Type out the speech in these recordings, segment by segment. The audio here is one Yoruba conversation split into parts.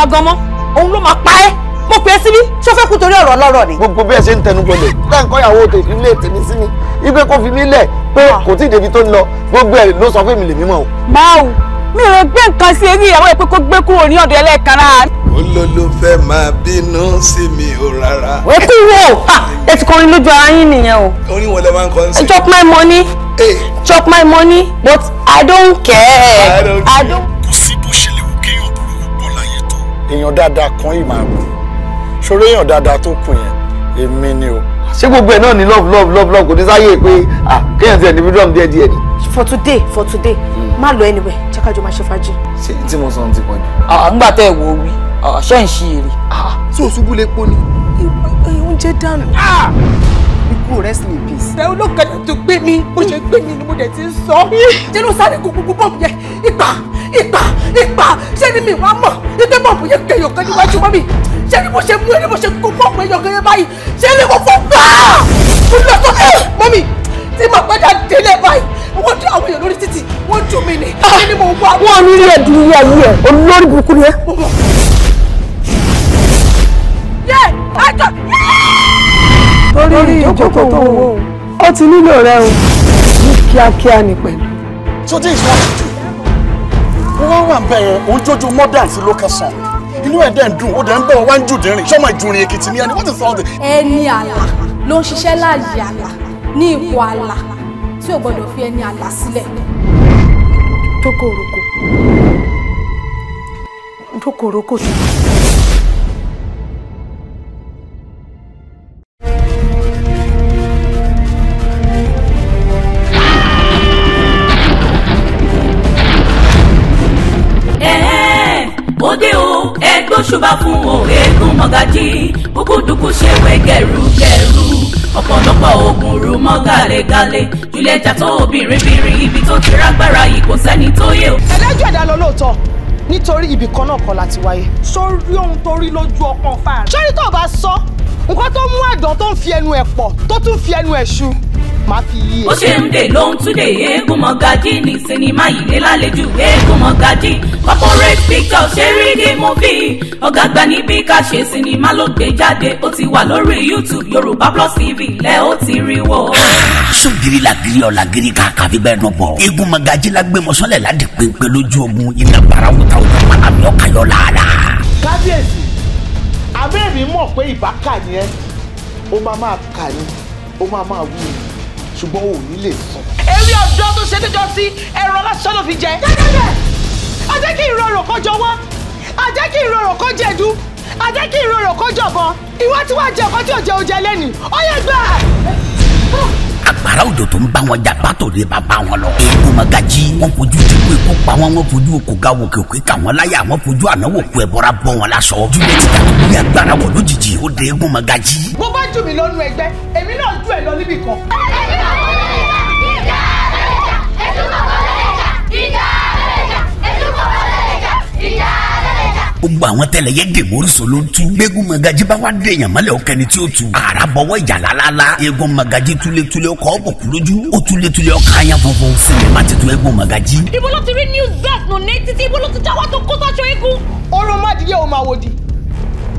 pa gan mọ́ òun ló máa pa ẹ́ mo pè é síbí ṣó fẹ́ kú torí ọ̀rọ̀ lọ́rọ̀ ni. gbogbo bí ẹ ṣe ń tẹnu bọlẹ̀ táà ń kọ́ ìyàwó ilé tèmi sí mi ibi kò fi mí lẹ̀ pé ah. kò tí ì débi tó ń lọ gbogbo ẹ̀ ló sọ fún mi lèmi mọ̀ o. báwo mi ò gbé nǹkan sí eré ìyàwó ẹ pé kó gbé kúrò ní ọ̀dọ̀ ẹlẹ́ẹ̀kanra. olólùfẹ́ máa bínú sí mi ò rárá. ó kú wo ẹ ti kọrin lójú ara yín nìyẹn o. orin wo lẹ máa ń kọ sí. chop my money eh. chop my money but I don't care. I don't care. I don't èèyàn dáadáa kan yìí máa wù ṣòro èèyàn dáadáa tó kù yẹn èmi ni o. ṣé gbogbo ẹ̀ náà ni love love love love kò ní sáyé pé ah kéèyàn ti ẹ̀ ní freedom díẹ̀ díẹ̀ ni. for today for today hmm. má lọ anywhere jẹ́ ká jọ máa ṣe fàájì. ṣé tí mo sọ ti pọ̀ jù. àgbà tẹ ẹ wò ó wí ṣé ń ṣe èrè. tí òṣùbù lè pọ̀ ni oúnjẹ dànù kú rest in peace. Bẹ́ẹ̀ olókàdá tó gbé mi, bó ṣe gbé mi ni mo dẹ̀ ti ń sọ. Jẹ́nu sáré kò gbogbo bọ́ọ̀mù yẹn, ìgbà ipa ipa ṣé ni mi wá mọ̀ ipe bọ́ọ̀bù yẹn kẹyọ kan níwájú mọ́ mi ṣé ni mo ṣe mú ẹ ni mo ṣe kó bọ́ọ̀bù ẹyọ kan yẹn báyìí ṣé ni mo fọ́ gbáà mo lọ sọ ẹ eh, mọ́ mi tí mo gbọ́dọ̀ délé báyìí wọ́n dún àwọn èèyàn lórí títì wọ́n dùn mí ni kí ah, ni mo wá. wọn ò ní rí ẹdùn ní ayé olórí burúkú ni ẹ. yẹ ẹjọ lórí ìjókòó tó wò ó ti nílò rẹ o ní kíákíá ni pẹ̀lú. so this is what you do wọ́n wà bẹ́ẹ̀ òun jójú mọ́dà àti lókẹ́sàn inú ẹ̀ dẹ̀ ń dùn ó dẹ̀ ń bọ̀ wá ń jùdínrín sọ́mọ ìjùnrín èkìtì ni ẹni wọ́n ti sọ ọ́ dẹ̀. ẹni àlà ló ń ṣiṣẹ́ láàyè àlà ní ipò àlà tí ò gbọ́dọ̀ fi ẹni àlà sílẹ̀. dókòrókò dókòrókò ti. kí kúkúdùkú ṣe wé gẹ̀rúgẹ̀rú ọ̀pọ̀lọpọ̀ oògùn rú mọ́ gàlégàlé julieta tó obìnrin bìnrin ibi tó ti rágbára yìí kò sẹ́ni tó yẹ o. ẹlẹ́jọ́ ẹ̀dá lọ lóòótọ́ nítorí ibì kan náà kọ́ láti wáyé. sórí ohun tó rí lójú ọpọ́n fáàrí. sórí tó bá sọ nǹkan tó mú àdán tó ń fi ẹnu ẹ̀ pọ̀ tó tún fi ẹnu ẹ̀ ṣu má fi yí. ó ṣe ń dè lóhun túnde eégún mọ̀gájì ní sinimá yìí dé lálejò eégún mọ̀gájì corporate picture ṣe rí ní múfì ọ̀gá gba níbi ká ṣe sinimá ló gbé jáde ó ti wà lórí youtube yorùbá plus tv lẹ ó ti rí wò. sógiri la giri ọ̀la giri ká kàfi bẹ́ẹ̀ dùn bọ̀ eégún mọ̀gájì la gbé mọ́sọ́lẹ̀ láti pépé lójú ogun iná barawuta òjò àmì ọ̀kayọ̀ làálà. kábíyèsí àbẹ́ẹ̀mí mọ̀ pé ìbá kà ni ẹ́ ó máa máa kà ni ó máa máa wú ni ṣùgbọ́n ò ní lè sọ. eré ọ̀dọ́ tó ṣe tẹ́jọ́ sí ẹ̀rọ lásán ló fi jẹ. jẹ́jẹ́jẹ́ a jẹ́ kí ìrọ̀rùn kó jọ wọ́n a jẹ́ kí ìrọ̀rùn kó jẹ̀dú a jẹ́ kí ìrọ̀rùn kó jọ̀bọ ìwọ tí wàá jẹ ọkọ tí ò jẹ oúnjẹ lẹ́nu ó yẹ gbà agbára òjò tó ń bá wọn jà pátó lè bá bá wọn lọ. èèkó ma gají wọn fojú dìbò èkó pa wọn wọn fojú òkò ga wòkè kà wọn láyà wọn fojú ànáwó kú ẹbọra bọ wọn lásọ. júlẹ̀ ti ta tóbi agbára wọ lójijì ó de èèkó ma gají. bó bá jù mí lọ́nu ẹgbẹ́ èmi náà jù ẹ̀ lọ níbì kan. ìjà ìjà ìjà ìjà ìjà ìjà ìjà gbogbo àwọn tẹlẹ yẹ dèmórísò ló ń tú gbégún bá wá dé èèyàn mọ́lẹ̀ ọ̀kẹ́ni tí ó tu ara bọ̀wọ́ ìjà lálálá eégún magají túlétúlé ọkọ̀ ọ̀bùkún lójú ó túlétúlé ọkọ̀ àyàn funfun sílẹ̀ má ti tu eégún magají. ibo ló ti rí new zealand nù ní títí ibo ló ti jáwọ́ tó kó sọ́sọ́ eégún. oró má dìde ò máa wò di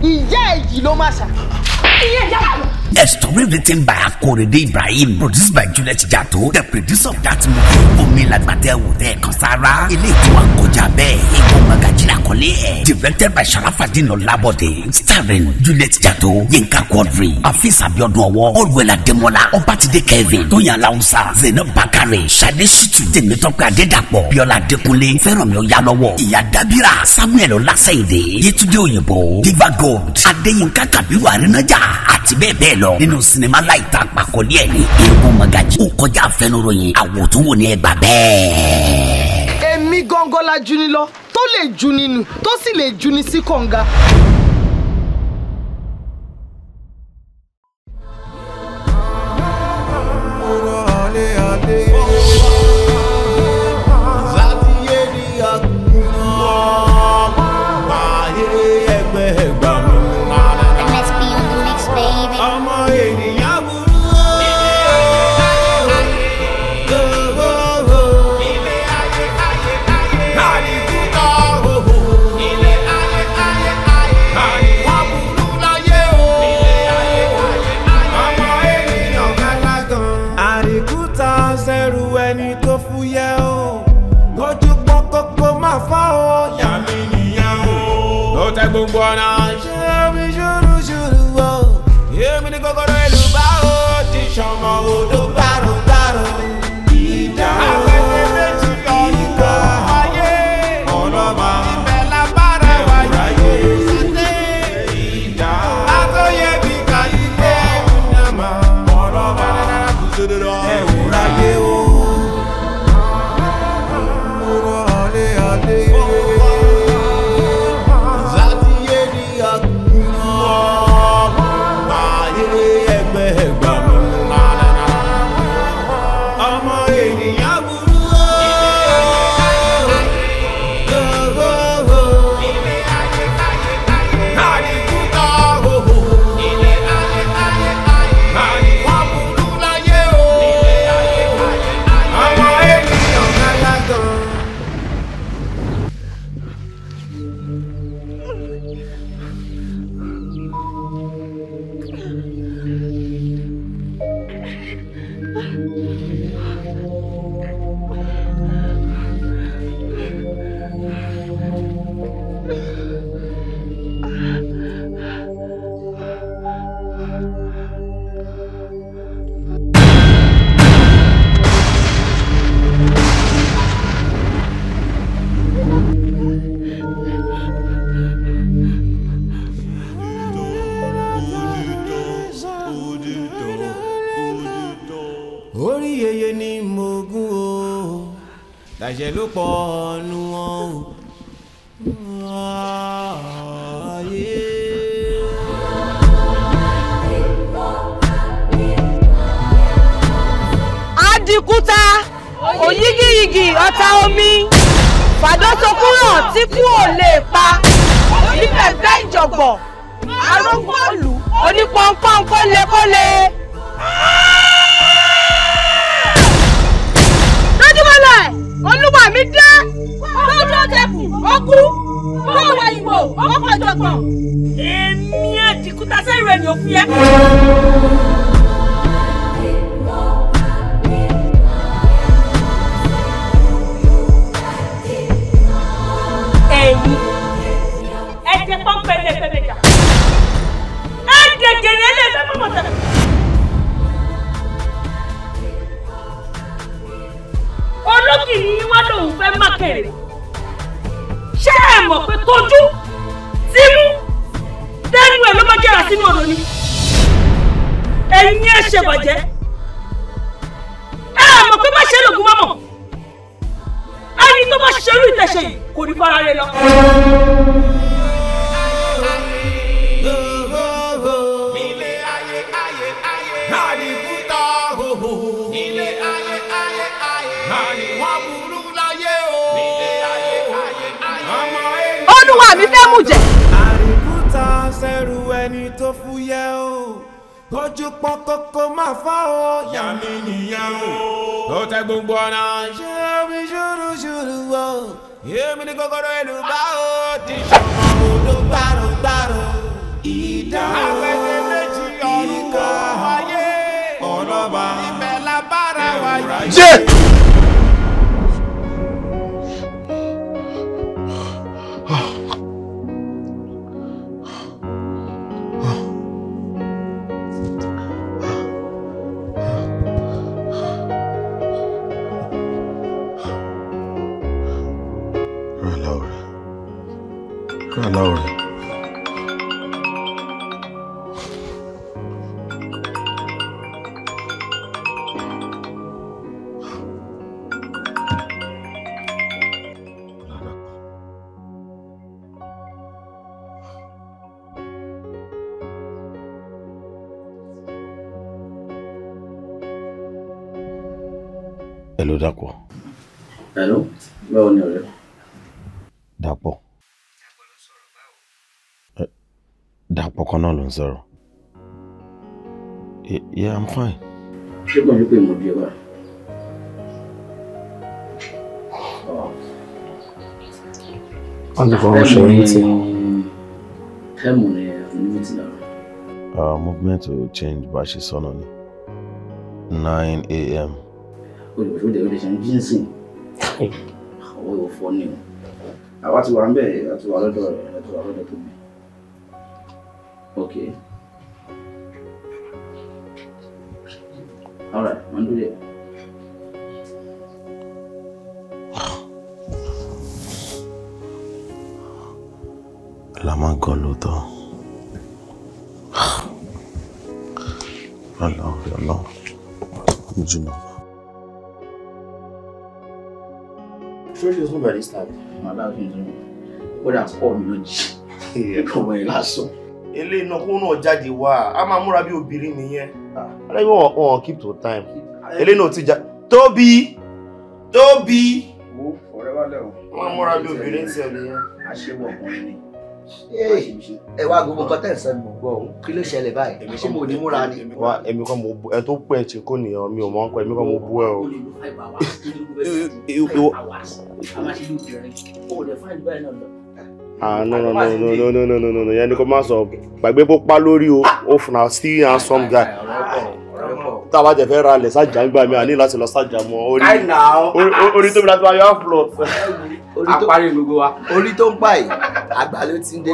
ìyá èyí ló má sà. ìyá ìyá A story written by Akorede Ibrahim. Produced by Juliet Jato. The producer of that movie. Omi Lagbate Wòtẹ́ Kansara. Ilé ìtura kọjá bẹ́ẹ̀. Egun Magajina kọ́lé ẹ̀. Directed by Sharafadin Olabode. Starring Juliet Jato. Yinka Quadri. Afis Abiodun Ọwọ́. Olwela Demola. Ọbatide Kevin. Tóyàn Lausa. Zainab Bakare. Sade Shitu. Tèmítọ́pẹ́ Adédàpọ̀. Bíọ́lá Adékúnlé. Fẹ́rànmi Oyalọ́wọ́. Ìyá Dábírà. Samuel Ọlásẹ̀yìndé. Yétúndé Òyìnbó. Diva Gold. Adéyínká Kàbírù Arínájà. Àti bẹ́ẹ̀ bẹ́ẹ̀ ìlọrin nínú sinimá láìta àpàkọ́lé ẹ̀ ní eégún magají ó kọjá àfẹnuròyìn àwòtúnwò ní ẹgbà bẹ́ẹ̀. èmi gangan la juni lọ tó lè juni nù tó sì lè juni sí kànga. Oh, oh, oh, ọ̀bọ̀ arúgbọ́ọ̀lù onípọ̀npọ̀n kólékólé. lójúmọ́lẹ̀ olúwa mi dé lójú ọ̀tẹ̀kù ọkú fọwọ́ ìwò ọkọ̀ ìjọ̀gbọ̀n. èmi ẹ̀ ti kúta sẹ́yìn rẹ̀ ní òkú yẹn. béèrè ṣé ẹ mọ̀ pé tójú tímú tẹ́nu ẹ̀ ló bá jẹ́ra sínú odò ni ẹ̀yin ẹ̀ ṣe bàjẹ́ ẹ mọ̀ pé má ṣe lògùn mọ́mọ́ ẹni tó bá ṣerú ìtẹ̀ṣe yìí kò ní fara rẹ lọ. ara mi fẹ́ mú jẹ. àríkúta sẹ́rù ẹni tó fúyẹ́ o ojú pọ́n kókó máa fọ́ o yà mí nìyẹn o tó tẹ gbogbo ọ̀nà ṣé omi ṣúrúṣúrú o èmi ní kọ́kọ́rọ́ ìlú bá o ti ṣọ̀kan odò gbàrúgbàrú ìdá o ìkà ayé ọ̀rọ̀ bá ìbẹ̀là bára wáyé. l o r Hello, Dapo. Hello, báwo ni ọ̀rẹ́? Dapo. Dàpọ̀ kan náà ló ń Yeah, I'm fine. Ṣé kò ní pé mo bí Oh. bá? Ọ̀dùn kan ń ṣe oyún tí. Kẹ́mù ni onímọ̀tì náà. Our uh, movement will change but a ṣe sọ́nà 9 a.m. Olùdókòwò dẹ̀ olè ṣe ń jí nsìn. Àwọn ìwòfọ́ ni o. Àwa ti wà ń bẹ̀ àti wà lọ́dọ̀ rẹ̀ àti wà lọ́dọ̀ tó mi. Okay. All right, undo it. La máa ń kọ lóòótọ́. Lọ́lọ́ lọ́lọ́ jùlọ. Ṣọ́ọ̀ṣì tó bẹ̀rẹ̀ sí tàbí. Màdá fi jẹun. Ó dà pọ̀ mi lójijì. Ọmọ ẹ̀ lásán eléyìí náà kó náà jáde wá a máa múra bí obìnrin nìyẹn. aláìwọ wọn keep to time Ele náà ti já tóbi tóbi. wo ọ̀rẹ́ wa lẹ o. wọn múra bí obìnrin tiẹ̀ nìyẹn. a ṣe wọ ọkùnrin ni. ẹ wá gbogbo nǹkan tẹ̀ ń sẹ́nu mọ̀ gbọ́ o kí ló ṣẹlẹ̀ báyìí ṣé mo ní múra ni. wa èmi kan mo bu ẹ tó pẹ́ ti kó nìyẹn mi ò mọ̀ ń èmi kan mo bu ẹ o. a máa ṣe lóde rẹ kó o lè fáìlì báyìí náà lọ ah no no no no no no no no no no yẹn ni kò má sọ gbàgbé kó pa lórí o ó funa sí handsome guy tá a bá jẹ fẹ́ ra lẹ̀ sájà ń gbà mí àní láti lọ sájà mọ́ orí orí tóbi láti wá yọ á flọ. àparí gbogbo wa orí tó ń pa yìí àgbà ló ti ń dé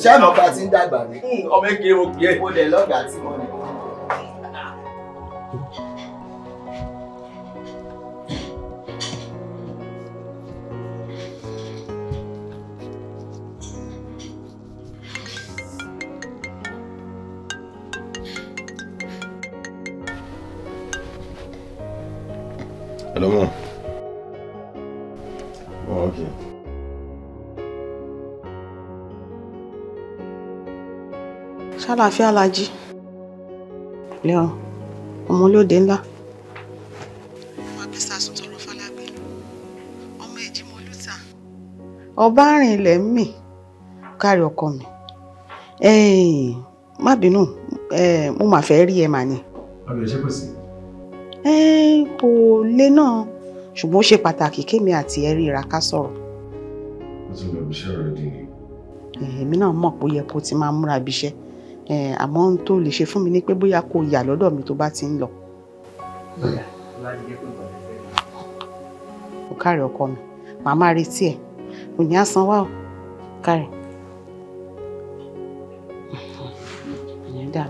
ṣé àmọ́ pa ti ń dàgbà ni. Hmm, ọmọ èké mo pè é. mo lè lọ́gàá tí mo ní. ṣàlàáfíà lajì lẹ́hàn ọmọ olóde ńlá. ọmọ abẹ́sà sùn tọrọ falágbé ọmọ ìjìmọ̀ olùtà. ọba rìn ilẹ̀ mì kárí ọkọ mi má bínú mo mà fẹ́ rí ẹ mà ni. ọ̀rọ̀ ẹ̀ ṣe kò sí. kò lé náà ṣùgbọ́n ó ṣe pàtàkì kémi àti ẹ ríra ká sọ̀rọ̀. mo ti lọ bí iṣẹ́ rẹ̀ dín ní. èmi náà mọ̀ pé ó yẹ kó ti máa múra bí iṣẹ́ àmọ́ ohun tó lè ṣe fún mi ni pé bóyá kò yà lọ́dọ̀ mi tó bá ti ń lọ. ó kárẹ̀ ọkọ mi màá máa retí ẹ̀ òní á san wá o kárẹ̀. ìyẹn dà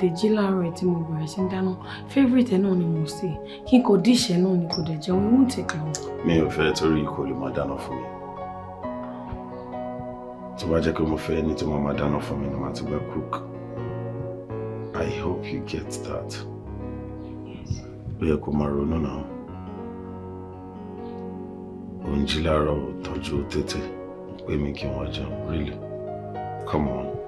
tètè jí láàárọ̀ ẹ̀ tí mo bẹ̀rẹ̀ sí ń dáná favourite ẹ̀ náà ni mo sè kí n kò díṣẹ́ náà ni kò dẹ̀ jẹun it won't take long. mi ò fẹ́ torí kò lè máa dáná fún mi tó bá jẹ́ pé mo fẹ́ ẹni tí mo máa dáná fún mi ni màá ti gba cook I hope you get that ó yẹ kó máa ronú náà ò ń jí láàárọ̀ tọ́jú tètè pé mi kí wọ́n jẹun really come on.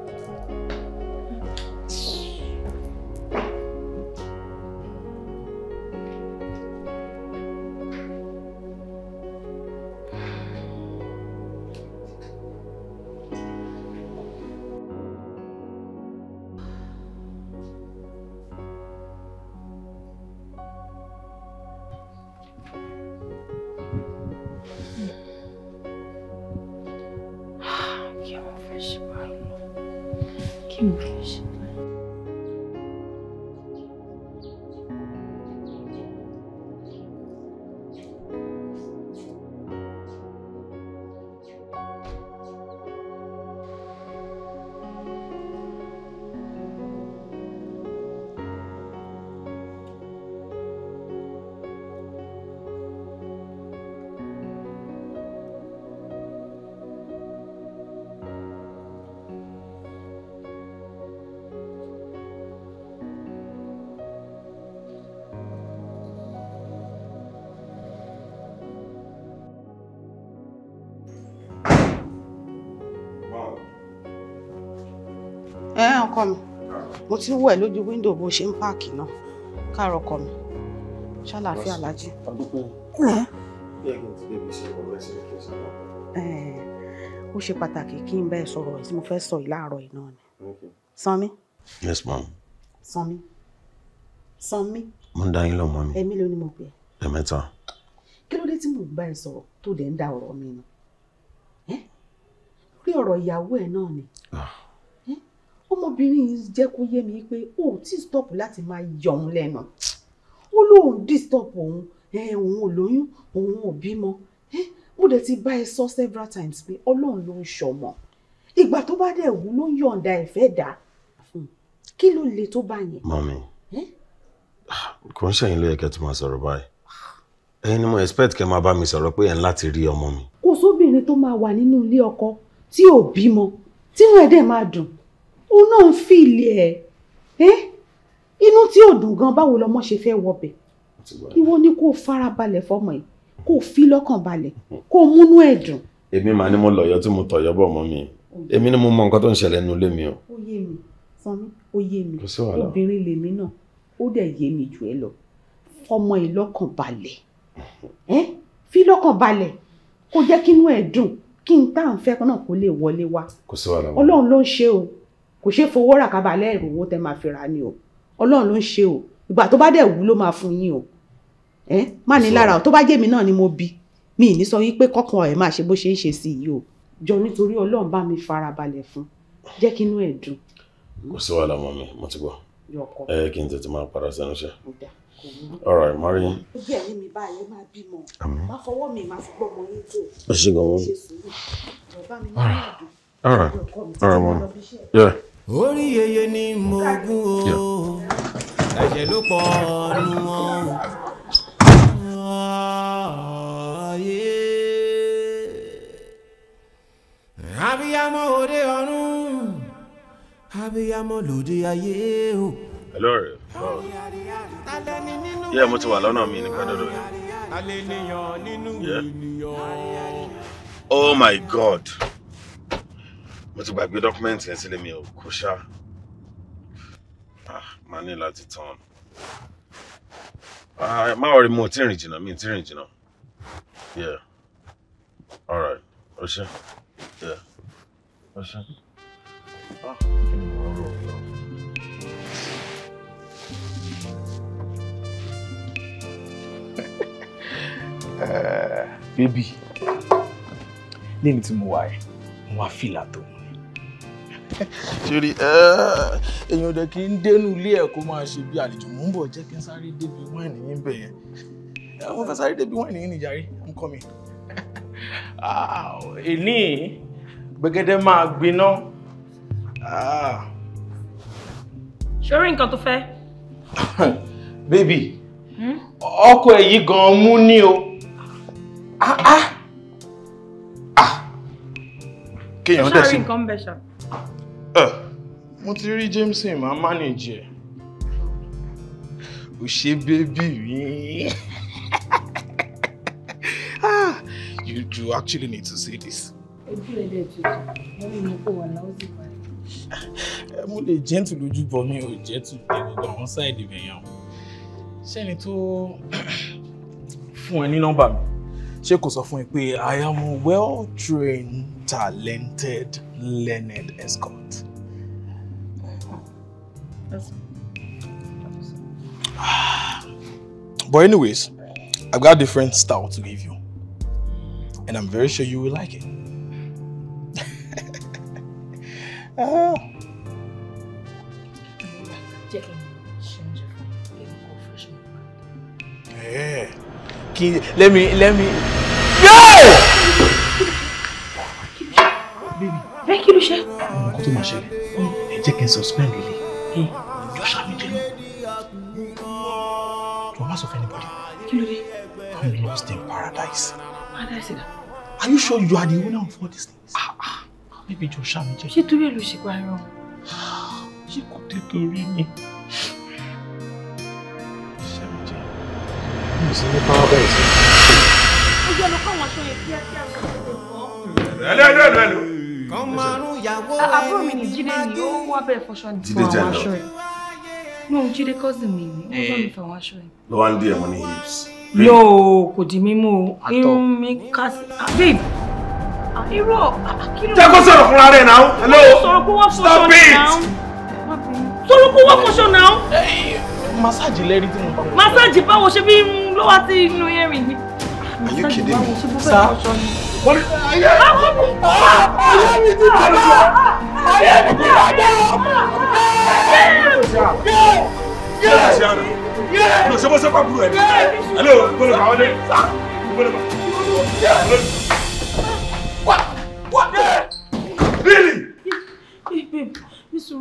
ọkọ mi mo ti wọ ẹ lójú wíńdò bó ṣe ń páàkì náà káàárọ̀ ọkọ mi ṣàlàáfíà lájí. ó ṣe pàtàkì kí n bá ẹ sọ̀rọ̀ ẹ̀ tí mo fẹ́ sọ yìí láàárọ̀ yìí náà ni sanmi. yes ma'am. sanmi sanmi. mo ń dá yín lọ́mọ mi. ẹ̀mí ló ní mo pè é. ẹ̀mẹ́ta. kí ló dé tí mo bá ẹ sọ̀rọ̀ tó dẹ̀ ń da ọ̀rọ̀ mi nù lórí ọ̀rọ̀ ìyàwó ẹ̀ náà ni. Ah ọmọbìnrin yìí jẹ́ kó yé mi pé o ò tí stop láti máa yọ òun lẹ́nu ó lóun disturb òun òun ò lóyún òun ò bímọ mo dẹ̀ ti bá ẹ sọ several times pé ọlọ́run ló ń ṣọmọ ìgbà tó bá dẹ̀ wù ló ń yọ̀ǹda ẹ̀fẹ́ dà hmm. kí ló le tó bá yẹn. mọ́mí ah, kò ń ṣẹ̀yìn ló yẹ kẹ́ tó máa sọ̀rọ̀ báyìí ẹ̀yin ni mo expect kẹ́ máa bá mi sọ̀rọ̀ pé ẹ̀ ń láti rí ọmọ mi. kò sóbìnrin tó máa wà nínú ilé ọkọ tí ò bímọ tínú ẹ̀ dẹ̀ máa dùn òun náà ń fìlì ẹ̀ inú tí ò dùn gan báwo lọmọ ṣe fẹ́ wọbẹ̀ ìwọ ni kó fara balẹ̀ fọmọ yìí kó fi lọ́kàn balẹ̀ kó múnú ẹ̀ dùn. èmi màá ní mo lọ̀yọ́ tí mo tọ̀yọ́ bọ̀ mọ́ mi èmi ni mo mọ nǹkan tó ń ṣẹlẹ̀ nínú ilé mi o. ó yé mi sanmi ó yé mi obìnrin lèmi náà ó dẹ̀ yé mi jù ẹ lọ fọmọ yìí lọ́kàn balẹ̀ fi lọ́kàn balẹ̀ kó jẹ́ kínú ẹ̀ dùn kí n tá à ń fẹ́ náà kó lè wọlé wa ọlọ́run ló ń ṣe o kò ṣeé fowó rà kábàá lẹ́rù owó tẹ́ máa fi rà ni o ọlọ́run ló ń ṣe o ìgbà tó bá dẹ̀ wú ló máa fún yín o ẹ má ní lára o tó bá jẹ́ mi náà ni mo bi mi ì ní sọ wípé kọ́kàn ẹ̀ máa ṣe bó ṣe ń ṣe sí yìí o jọ nítorí ọlọ́run bá mi farabalẹ̀ fún jẹ́ kí inú ẹ̀ dùn. kò sí wàhálà mọ mi mo ti gbọ́ ẹ kí n tètè máa padà sẹ́nu iṣẹ́ ọ̀rọ̀ ẹ̀ mọ́rí. ojú ẹ̀yìn mi bá ẹ máa bímọ má fọwọ́ mi má fi gbọ́ ọmọ yín tó. ó ṣe gan-an. ọ̀rọ̀ ọ̀rọ̀ mọ́ mi orí yeye ni mo gún o ẹ̀jẹ̀ ló pọ̀ nù wọn. abiyamọ òde ọ̀run abiyamọ lòde ayé o. ẹ lọ́ọ̀rẹ́ báwo yẹ mo ti wà lọ́nà mi nípa dọ́dọ̀ yẹn. oh my god mo ti gbàgbé dọ́kúmẹ́ǹtì yẹn sílé mi ò kó ṣá ah, máa ní láti tán ah, má wọrí mo tí rìn jìnnà mi tí rìn jìnnà yeah all right ṣe yeah ó ṣe. Uh, ah, eh, baby lẹ́yìn tí mo wà ẹ̀ mo wá fìlà tó ṣeré èèyàn ọ̀dẹ̀ kì í dénú ilé ẹ̀ kó máa ṣe bí àlejò mò ń bọ̀ jẹ́ kí n sáré débi wáìnì yín bẹ̀ yẹn mo fẹ́ sáré débi wáìnì yín nìjàre ń kọ́ mi. èní gbẹ̀gẹ́dẹ́ máa gbiná. ṣorí nǹkan tó fẹ́. bébì hmm? ọkọ ẹ̀ yìí gan-an mú ní o. Ah, ah. ah. kéèyàn dẹ̀ sí. ṣáà rí nǹkan bẹ̀ ṣáà mo ti rí James, máa manager, ẹ̀ ò ṣe bébì mi. You do actually need to see this. Mo lè gentle lójú bọ mi ò gentle gbogbo àwọn sáìdì mẹ́yàn. Ṣẹ́ni tó fún ẹ ní nọ́mbà mi, ṣé kò sọ fún ẹ pé I am well trained, talented learned escort. But anyways, I've got a different style to give you. And I'm very sure you will like it. uh, yeah. Let me, let me. Yo! ṣe. ọkọ tó máa ṣẹlẹ̀ ẹ jẹ́ kí n suspend ilé hmm. yóò ṣàmìdé lọ wọn bá sọ fún anybody. kí ló dé. I'm lost in paradise. paradise na. are you sure you are the owner of all these things. ah ah bíbí jọ ṣàmìjẹ. ṣé torí ẹ ló ṣe pariwo. ṣé kò tẹ torí ni. ṣàmìjẹ mo sì ní paradise. ojú ọ̀nà kọ́ àwọn aṣọ yẹn kíákíá. hello hello hello àbúrò mi ní jíde ni ó wá bẹ̀ fọṣọ fún àwọn aṣọ ẹ̀ no jíde cousin mi ni ó bá mi eh. fọ àwọn aṣọ ẹ̀. ló wá ń dí ẹ̀wọ̀n ní hips. no kò di mímú o irun mi ká sí ah, babe ah, irú ah, kí ló. jẹ́ kó sọ̀rọ̀ fúnra rẹ̀ náà. hello stop it. sọ̀rọ̀ kó wá fọṣọ náà. Eh, massage lẹ́rí tí mo bá. massage báwo ṣe bí ló wá sí inú erin yìí. Are you kidding me? Sir? What? Ah, ah! Ah! Ayé mi ti bẹ̀rẹ̀ lọ! Ayé mi ti bẹ̀rẹ̀ lọ! Yẹ́ẹ̀! Ṣé mo ṣe pàbùrù ẹ̀ ní? Hello, gbọ́dọ̀ bá wọlé. Gbọ́dọ̀ bá. What? What? Really? Babe, Miss Ru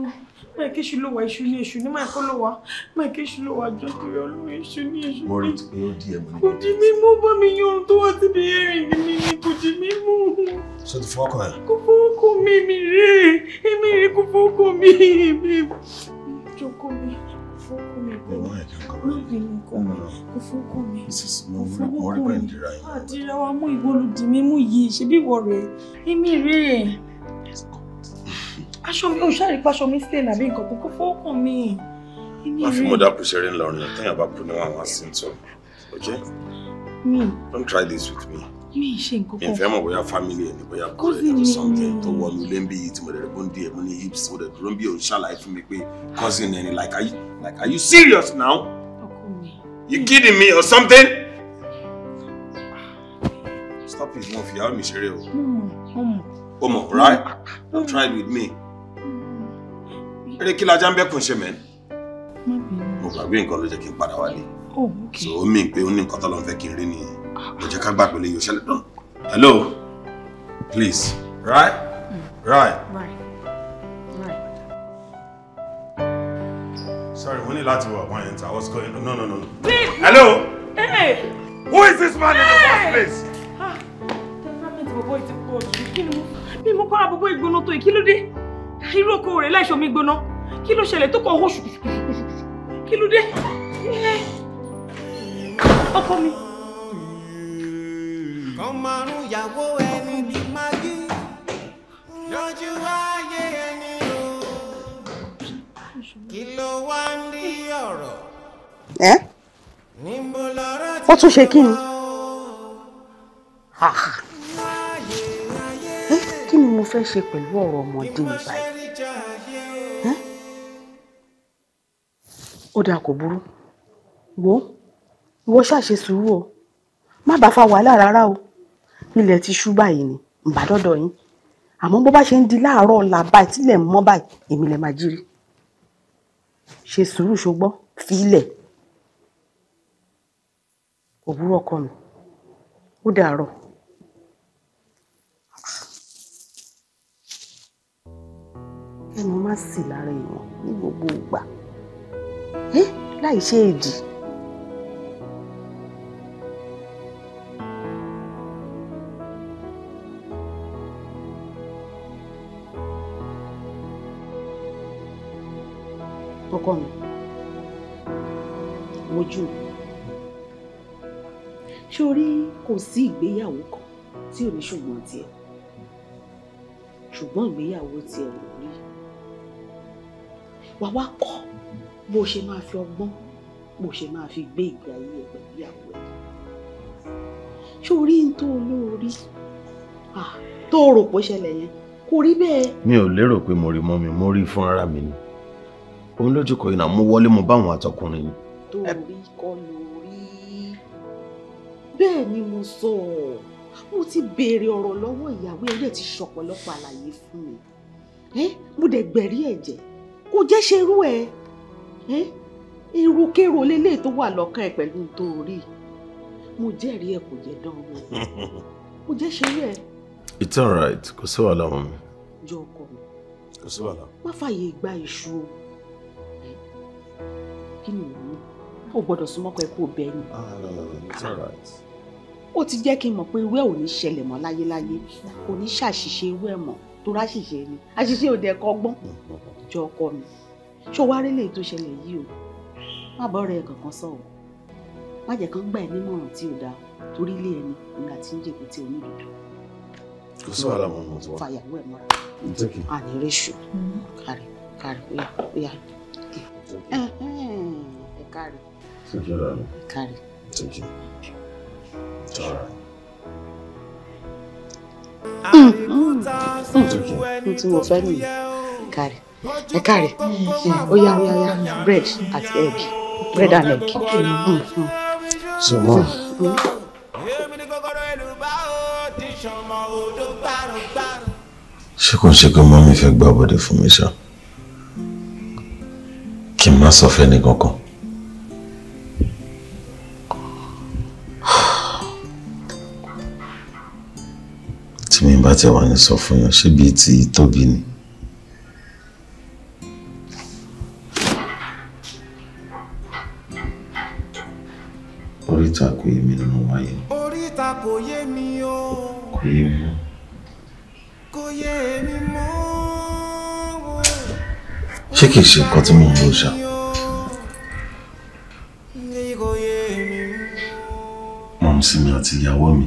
máa kí ṣu ló wà iṣu ní iṣu ní máa kó ló wà máa kí ṣu ló wà jọ torí ọlọ́run iṣu ní iṣu ní. mo rí pé ó di ẹ̀mọ́ ní. kò jí mi mú bá mi yan ohun tó wà síbi erin mi ni kò jí mi mú. ṣé o ti fọwọ́ kàn án. kò fọwọ́ kàn mi rè é èmi rè kò fọwọ́ kàn mí mi jókòó mi kò fọwọ́ kàn mí. ẹ má jẹun kọ́ báyìí kò fọwọ́ kàn mí kò fọwọ́ kàn mí àdìrà wa mú ìwọ aṣọ mi ò ṣàrí paṣọ mi sílẹ̀ nàbí nǹkan kan kó fọ́ọ̀kàn mi. wọ́n fi mọ́dà kù ṣeré ńlọrọ̀ ní tẹ́yìn bá kú ní wọn àwọn àṣìntọ́ ọjẹ́ don't try this with me. mi ì ṣe nǹkan kan. ìfẹ́ mọ̀ bóyá family ẹ̀ ni bóyá cousin or something tó wọ inú ilé ń bí yìí tí mo dẹ̀ gbóǹdì ẹ̀ mo ní hips mo dẹ̀ dúró ń bí òun ṣàlàyé fún mi cousin ẹ̀ like are you like are you serious now? you kidding me or something? stop it mo Miss mi ṣeré o. Hmm, right? don't hmm. try it with me. eré kí lajá ń bẹ́ kùn ṣe mẹ́. mo gbàgbé nǹkan ló jẹ́ kí n padà wálé. Oh, so ó mì pé ó ní nǹkan tó lọ́n fẹ́ kí n rí nìyẹn ló jẹ́ ká gbà lè yóò ṣẹlẹ̀ hello please right hmm. right. Sorry, we need to work one enter. What's going on? No, no, no, no. Hello? Hey! Who is this man in the first place? Ah, temperament bọ̀bọ́ yìí ti pọ̀ jù. Kí ni mo? Mi mo para bọ̀bọ́ ìgbóná tó yìí, kí ló Irú oko rẹ̀ láìṣọ́ mi gbóná kí ló ṣẹlẹ̀ tó kọ̀ owó ṣùkùṣùkùṣùkùṣù kí ló dé ọkọ mi. kan márùn yàwó ẹni bí magi lójú ayé ẹni o kí ló wá ń rí ọ̀rọ̀. ẹ ó tún ṣe kí ni kí ni mo fẹ́ ṣe pẹ̀lú ọ̀rọ̀ ọmọdé mi báyìí. ó dáa kò burú wo ìwọ ṣáà ṣe sùúrù o má bàa fa wàhálà rárá o ilẹ̀ ti ṣú báyìí ni ǹbà dọ́dọ̀ yín àmọ́ bó bá ṣe ń di láàárọ̀ ọ̀la báyìí tílẹ̀ mọ́ báyìí èmi lè máa jírí ṣe sùúrù ṣùgbọ́n fi òwúrọ̀ ọkọ mi ó dàárọ̀. kẹ́nu má sì lára èèyàn ní gbogbo ìgbà láì ṣe èdì. ọkọ mi wojú sórí kò sí ìgbéyàwó kan tí ò ní ṣùgbọ́n tiẹ̀ ṣùgbọ́n ìgbéyàwó tiẹ̀ ò rí wàá wá kọ́ bó ṣe máa fi ọgbọ́n bó ṣe máa fi gbé ìgbé ayé ẹ pẹ̀lú ìyàwó ẹ ṣó rí n tó olóorí tó rò pé ṣẹlẹ̀ yẹn kò rí bẹ́ẹ̀. mi ò lérò pé mo rí mọ́ mi mo rí fún ara mi ni òun lójú kọ iná mo wọlé mo bá àwọn àtọkùnrin ni. tó rí kọ́ lórí bẹ́ẹ̀ ni mo sọ mo ti béèrè ọ̀rọ̀ lọ́wọ́ ìyàwó ẹ̀ ti ṣọ̀pọ̀lọpọ̀ àlàyé fún mi mo dẹ̀ gbẹ̀rí ẹ̀jẹ̀ kò jẹ́ ṣerú ẹ̀ irú kérò lélẹ́yìí tó wà lọ́kàn ẹ̀ pẹ̀lú tó mo jẹ́rìí ẹ̀ kò jẹ́ dán o mo jẹ́ ṣe rẹ̀. it's alright kò sí wàhálà wọn mi. jọ ọkọ mi kò sí wàhálà. má fààyè gba ìṣù o kí ni ìwọ ò gbọ́dọ̀ súnmọ́ kọ ẹ kó bẹ ẹ̀yìn. it's alright. O ti jẹ́ kí n mọ̀ pé irú ẹ̀ ò ní ṣẹlẹ̀ mọ́ láyéláyé kò ní ṣàṣìṣe irú ẹ̀ mọ́ tó ráṣìṣe ni àṣìṣe ò dẹ̀ kọ́gbọ́n mm-hmm. jọ ọkọ mi ṣó wá rí lè tó ṣẹlẹ̀ yìí o má bọ́ ọ̀rẹ́ kankan sọ̀rọ̀ má jẹ́ kán gbà ẹ́ nímọ̀ràn tí ò dáa torí ilé ẹni ìgbà tí ń jẹ̀kú tí onídùúdù. kò sí wàhálà wọn mọ̀ tí wọ́n. fàyàwó ẹ̀ mọ́ra àní ríṣù kárí kárí óyá óyá ẹ kárí ẹ kárí. n tí mo fẹ́ nìyí kárí ẹ káre ó yá ó yá bread àti egg bread and egg. so mom mm. ṣé kò ń ṣe pé mọ́mí fẹ́ gbá bọ́dẹ̀ fún mi ṣá kí n má sọ fẹ́ni kankan. tí mi bá tẹ̀ wá ní sọ fún yàn ṣé bíi ti tóbi ni. kì í ṣe nǹkan tí mo ń lò ṣá. mọ̀mùsí mi àti ìyàwó mi.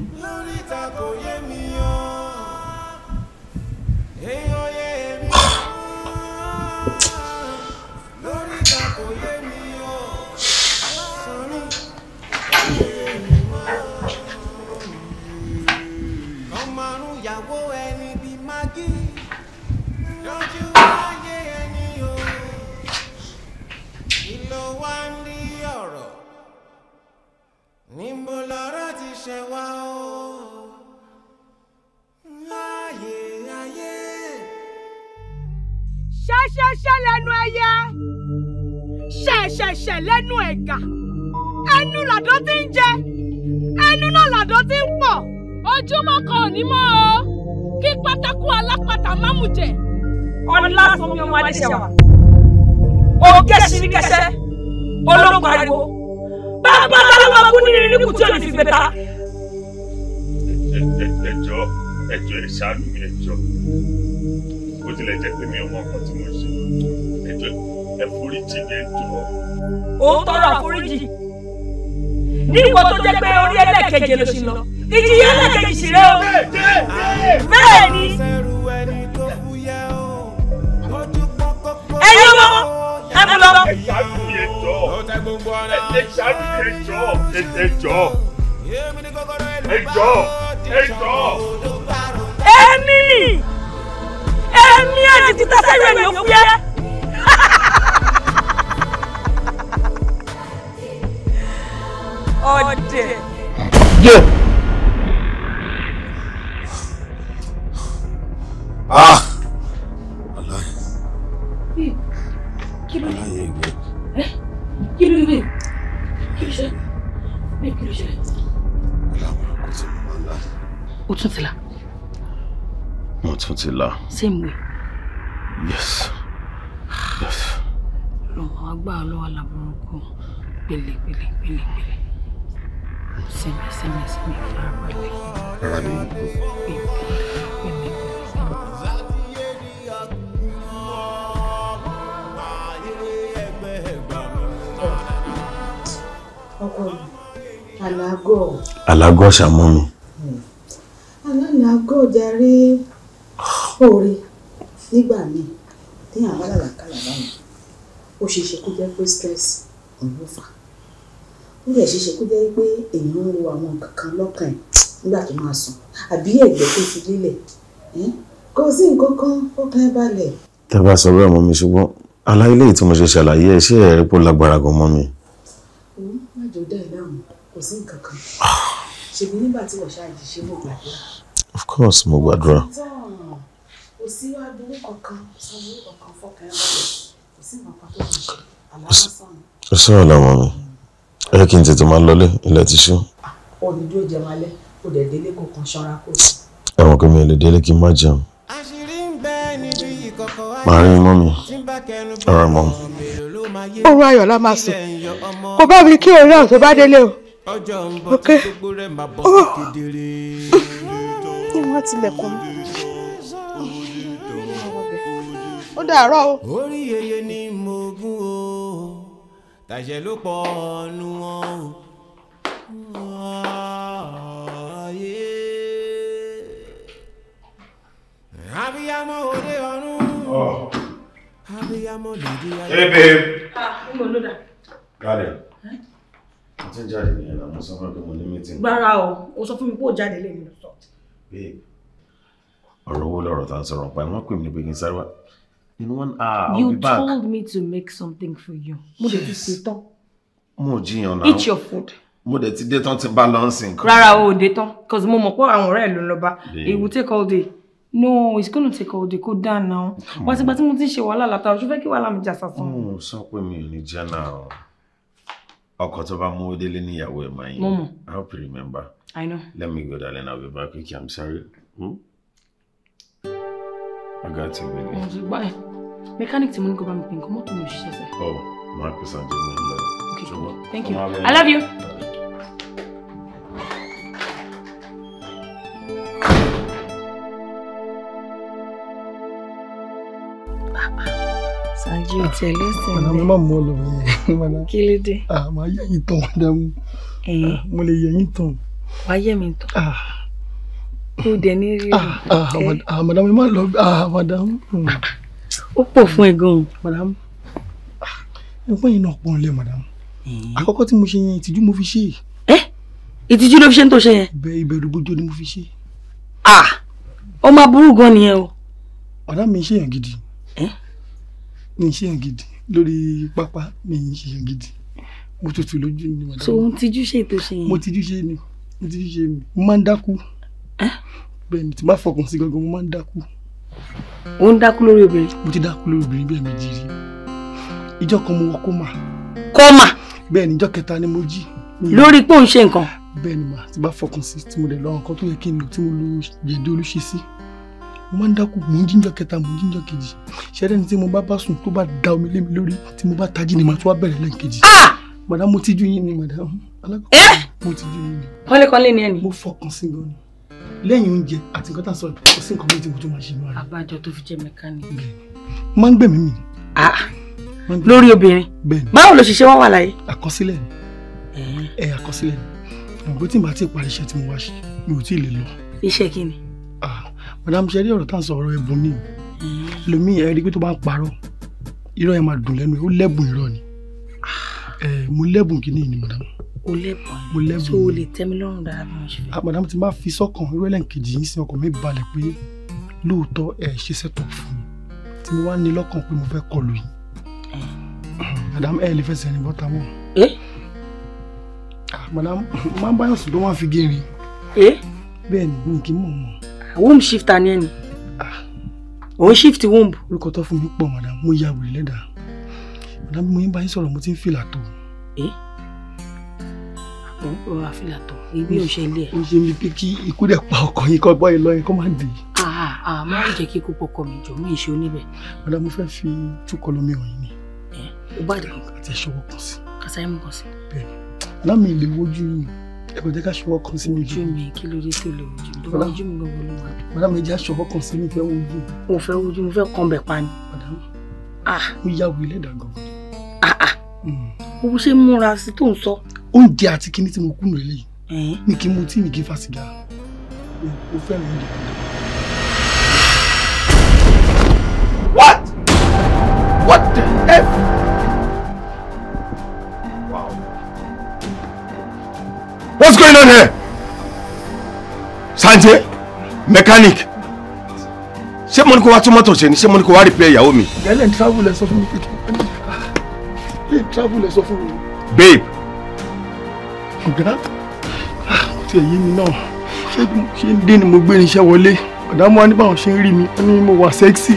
pẹ̀lẹ́pẹ̀lẹ́ sẹmi sẹmi sẹmi farabalẹ̀ ara mi ń kú. alágọ̀. alágọ̀ ṣàmú mi. Hmm. alágọ̀ jàre oore nígbà míì téèyàn bá làlàkàlà báyìí ó ṣeé ṣe kó jẹ́ pé stress òun ló fà á ó rẹ̀ ṣeéṣe kó jẹ́ pé èèyàn ń ro àwọn nǹkan kan lọ́kàn ẹ̀ nígbà tó máa sùn àbí ẹ̀gbẹ́ tó fi lélẹ̀ kò sí nǹkan kan ọkàn ẹ̀ balẹ̀. tẹ bá sọ bẹ́ẹ̀ mọ́ mi ṣùgbọ́n aláìlé tí mo ṣe ṣàlàyé ẹ ṣé ẹ̀rí pò lágbára gan mọ́ mi. òun má jò dá ẹ láàmú kò sí nǹkan kan ah. ṣèbí nígbà tí wọ́n ṣáàjì ṣe mo gbàdúrà. of course mo gbàdúrà. kò sí aburú kankan kò sí aburú kankan fọkàn ẹ̀ balẹ̀ kò sí nǹkan kan tó kàn ṣe àlàáfà ẹ kí n tètè máa lọlé ilẹ̀ ti ṣú. olùdó jẹun alẹ́ kò dẹ̀ délé kò kàn ṣanra kò. ẹ̀wọ̀n kí mi lè délé kí n má jẹun. màá rí mọ́ mi ọ̀rọ̀ mọ́. oorun ayọ̀ la máa sùn kò bá mi kí orin náà tó bá délé o. ok ni wọ́n tilẹ̀kùn mi ó dàárọ̀ o. orí yeye ni mo gún o tàṣẹ ló pọ̀ nu wọn ayé. abiyamọ òde ọ̀run abiyamọ lòdì ayé. ebe. ah n kò ló dà. káàdì mo ti ń jáde ní ẹ̀rọ mo sọ fún mi pé mo ní mítìn. gbára o o sọ fún mi pé o jáde lè mi babe ọ̀rọ̀ owó lọ̀rọ̀ tá à ń sọ̀rọ̀ pa ẹ̀ wọ́n pè mí ní pé kí n sáré wá in one hour i'll you be back. told me to make something for you. mo dẹ̀ ti ṣetán. mo jiyàn náà. eat your food. mo dẹ̀ ti dé tán ti balance nǹkan. rárá o ò dé tán cause mo mọ̀ pé àwọn ọ̀rẹ́ ẹ̀ ló ń lọ bá it will take all day no it's gonna take all day kó dáa náà hmm. wá sígbà tí mo ti ń ṣe wàhálà látara ṣó fẹ́ kí wàhálà mi jà sásán. mo hmm, sọ pé mi ò ní jẹ́ náà ọkọ tó bá mú délé níyàwó ẹ̀ máa yín. mo mọ̀ i hope you remember. i know. let me go darling i will be back quick i'm sorry. Hmm? ọ̀gá ti gbé ni. mo ti gbá ẹ mechanic tí mo ní kó bá mi pè nǹkan mọ́tò mi ò ṣiṣẹ́ sẹ́. ọ oh, máa pè sàǹjẹ́ mi lọ. okay thank you i love you. ṣáájú ìtẹ̀ lẹ́sìn rẹ̀. ọ̀nà mọ̀ lọ yẹn. kí ló dé. Ah, màá yẹ̀yìn tán ah, mo lè yẹ̀yìn tán. wàá yẹ̀ mi tán. Ah o dẹ̀ ní rí rẹ̀. Ah, ah, ah, madam ẹ má lọ madam. ó pọ̀ fún ẹ gan-an madam. ẹ̀fọn yìí náà pọ̀ nílé madam. Eh? àkọ́kọ́ tí mo ṣe yẹn ìtìjú mo fi ṣe. ẹ ìtìjú ló fi ṣe ń tó ṣe yẹn. ibẹ̀ ìbẹ̀rù gbójú ni mo fi ṣe. ọmọ aburú gan nìyẹn o. madam mi ń ṣèyàn gidi mi ń ṣèyàn gidi lórí pápá mi ń ṣèyàn gidi mo tutù lójú ni madam. so ohun tijú ṣe ètò ṣe yẹn. mo tijú ṣe ni mo tijú ṣe mi mo máa ń dákú bẹ́ẹ̀ ni tí má fọkàn sí gangan mo máa ń dákú. ó ń dákú lórí obìnrin. mo ti dákú lórí obìnrin bẹ́ẹ̀ méjì rí ìjọ kan mo wọ kómà. kómà. bẹ́ẹ̀ ni ìjọ kẹta ni mo jí. lórí pé òun ṣe nǹkan. bẹ́ẹ̀ ni mà tí bá fọkàn sí tí mo dẹ̀ lọ nǹkan tó yẹ kí n lò tí mo lo jẹ̀dí olúṣe sí mo máa ń dákú mò ń jíjọ kẹta mò ń jíjọ kejì ṣẹlẹ ni tí mo bá bá sùn tó bá da omi lé mi lórí tí mo bá tají ni màá tún wá bẹ̀rẹ̀ lẹ́ẹ̀kejì. Ah! madam mo tijú yín ni madam alákọ̀ọ́ eh? mo tijú yín ni. kọ́lékọ́lé ni ẹ ní. mo fọkàn sí gan ni lẹ́yìn oúnjẹ àti nǹkan tá a sọ kò sí nǹkan méjì tó máa ṣe lọ́wọ́. àbájọ tó fi jẹ́ mẹkáníìkì. Ah, máa ń gbẹ̀mí mi. lórí obìnrin báwo ló ṣiṣẹ́ wá wà láyé. àkọsílẹ̀ ni ẹ àkọsílẹ̀ ni àbúrò tí màá ti parí iṣẹ́ tí mo wá ṣe mi ò tí ì lè lọ. iṣẹ́ kí ni. Ah, madam ṣe rí ọ̀rọ̀ tá à ń sọ ọ̀rọ̀ ẹ̀bùn ni lomi ẹ rí pé tó bá ń parọ́ irọ́ yẹn máa dùn lẹ́nu ó lẹ́bùn irọ́ ni ah. mo lẹ́bùn kìíní ni madame o lẹ́bùn mo so o lè tẹ́ mi lọ́rùn dára bí mo ṣe fẹ́. Ah, madam ti máa fi sọ́kàn irú ẹlẹ́ǹkejì yìí sí ọkàn mi balẹ̀ pé lóòótọ́ ẹ̀ ṣe sẹ́tọ̀ fún mi tí mo wá ní lọ́kàn pé mo fẹ́ kọlù yìí mm. madam ẹ lè fẹsẹ̀ ní bọ́tà mọ́. Eh? Ah, madam máa ń báyọ̀ sùn tó máa fi gérin. Eh? bẹ́ẹ̀ ni mi kì í mọ̀ mọ́. Ah, womb shifter ni ẹ ni òun shift womb. orúkọ tó fún mi pọ̀ madam mo ya wèrè lẹ́dàá madam mo yín bá yín sọ̀rọ̀ mo ti ń fìlà tó tó ń rọra fìlà tó ibi ò ṣe ilé ẹ. ǹjẹ́ mi pé kí ikú dẹ̀ pa ọkọ yín kọ́ bọ́ ẹ lọ́yìn kó má dì í. àmọ́ ó jẹ́ kí ikú pọkọ mi jọ mí ìṣe oníbẹ̀. ọ̀dà mo fẹ́ fi túkọ̀ lómi ọ̀yìn ni. ẹ ó bá dé. àti ẹ ṣọwọ́ kan sí. kàṣà ẹ̀ mú kan sí. bẹ́ẹ̀ni ọ̀dà mi lè wojú yìí ẹ kò jẹ́ ká ṣọwọ́ kan sí mi. ojú mi kí ló dé tó lè wojú mi tó bá mi gbogbo ló wà. ọ̀dà mi já ṣọwọ́ kan sí mi fẹ́ wojú. mo fẹ́ wojú mo fẹ́ kàn bẹ̀ pa ni. ọ̀dà yá wo ilé ìdàgbọ̀n owó ṣe múra sí tó ń sọ. oúnjẹ àti kinní tí mo kùnà eléyìí ní kí n mutí ní kí n fa sìgá mo fẹ́ràn oúnjẹ. what what the f. Wow. what's going on here. Sanjay mechanic Se mo ní kó wá tún mọ́tò ṣe ni ṣé mo ní kó wá repair ìyàwó mi. ìyá travel ẹ sọ fún mi pé travel ẹ fún mi. babe. ọ̀gá ó ti ẹ̀yìn mi náà ṣé ṣé ń dé ni mo gbé irinṣẹ́ wọlé ọ̀dàmú wa ní báwọn ṣe ń rí mi wọ́n ní mo wà sẹ́ksì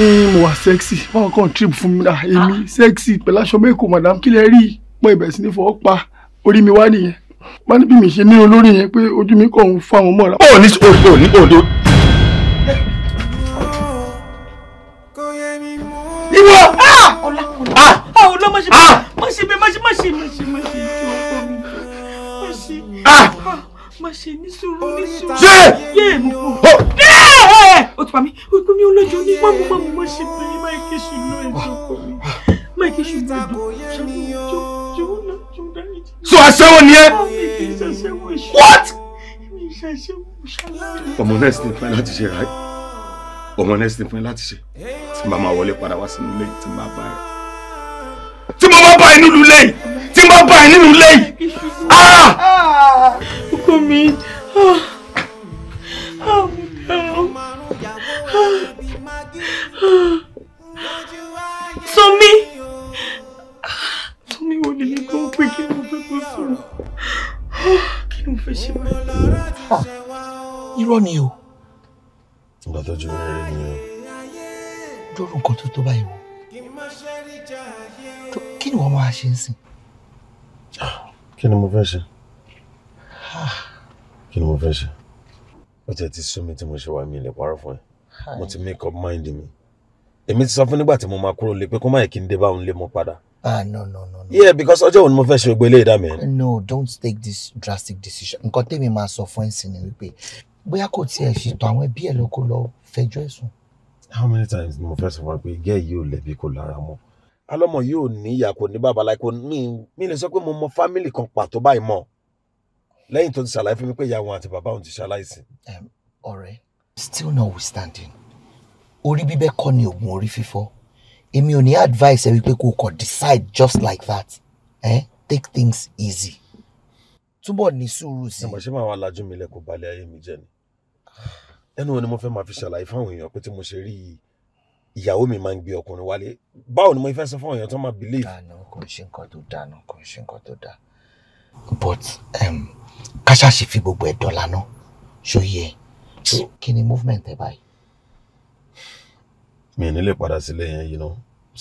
ní mo wà sẹ́ksì báwọn kan trip fún mi náà ah, èmi sẹ́ksì pẹ̀lú aṣọ mẹ́kọ̀ọ́ madam kí lẹ rí pọ́n ìbẹ̀rẹ̀ sí ní fọwọ́ pa orí mi wá nìyẹn wọ́n ní bí mi ṣe ní olórí yẹn pé ojú mi kàn ń fáwọn mọ́ra. ó ní ó ní ó ní ó. ìwọ. Ah! Ah! báwo ló mọ̀ ṣe mọ̀ ṣe mọ̀ ṣe mọ̀ ṣe mọ̀ ṣe mọ̀ ṣe ju ọkọ mi mọ̀ ṣe mọ̀ ṣe ní sùúrù ní sùúrù yé mo kú o ti pa mí o pe mi o lọ́jọ́ ní mọ̀mú mọ̀mú mọ̀ ṣe pé máìkì ṣù lọ ẹ̀jọ̀ ọkọ mi máìkì ṣù lọ ẹ̀jọ̀ jọ̀wọ́ náà jọ̀wọ́ dárí jì. sọ aṣẹ́wó ni ẹ́. what. ọmọ náà sì ní fún ẹ láti ṣe ráì ọmọ náà sì ní fún ẹ láti ṣe tí màá máa wọlé padà wá sínú ilé tí màá bá rẹ tí mo bá bá inú lu lẹ́yìn tí mo bá bá inú lu lẹ́yìn. ọkọ mi ah! Ah! Ah! Sọmi Sọmi wo lè lè kọ́ pé kí mo fẹ́ kó sọ̀rọ̀ kí ni mo fẹ́ ṣe báyìí. irọ́ ni o. ìgbà tó ju rẹ̀ ni o. dúró nǹkan tó tó báyìí o kí ni wọ́n máa ṣe ń sìn. kí ni mo fẹ́ ṣe kí ni mo fẹ́ ṣe ó tiẹ̀ ti sún mi tí mo ṣe wà mí ilẹ̀ parọ́ fún ẹ mo ti make up mind mi èmi ti sọ fún nígbà tí mo máa kúrò lé pé kó má yẹ kí n dé bá lé mo padà. ah no no no. no. yeah because ọjọ́ òun ni mo fẹ́ ṣe gbogbo eléyìí dá mi. no don't take this drastic decision nǹkan tèmi máa sọ fún ẹ̀ sí ni wípé bóyá kò tiẹ̀ ṣètò àwọn ẹbí ẹ̀ lọ kó lọ fẹjọ́ ẹ̀sùn. how many times ni mo fẹ́ sọ fún wa pé gẹ́ẹ̀ yìí ò lẹ́bi kò lára mọ́ alọ́mọ yóò ní kò ní bàbá láì kò mi lè sọ pé mo mọ fámìlì kan pàtó báyìí mọ́ lẹ́yìn tó ti ṣàlàyé fún mi pé ìyá wọn àti bàbá òun ti ṣaláìsí. ọ̀rẹ́ still notwithstanding orí bíbẹ́ kọ́ ni oògùn orí fífọ́ èmi ò ní advice ẹ wípé kó o decide just like that eh? take things easy túbọ̀ ní sùúrù sí i. ṣé màá wá lajú mi lẹ́kọ̀ọ́ balẹ̀ ayé mi jẹ́ ni ẹnu wo ni mo fẹ́ máa fi ṣàlàyé fáwọn èèyàn pé tí mo ṣe rí yìí ìyàwó mi máa ń gbé ọkùnrin wálé báwo ni mo fẹ́ sọ fún èèyàn tó máa believe. àná kò ṣe nǹkan tó dáa náà kò ṣe nǹkan tó dáa but káṣá ṣe fi gbogbo ẹ̀ dọ́là náà ṣó yẹ kí ni movement ẹ báyìí. mi ò ní lè padà sílé yẹn yìí náà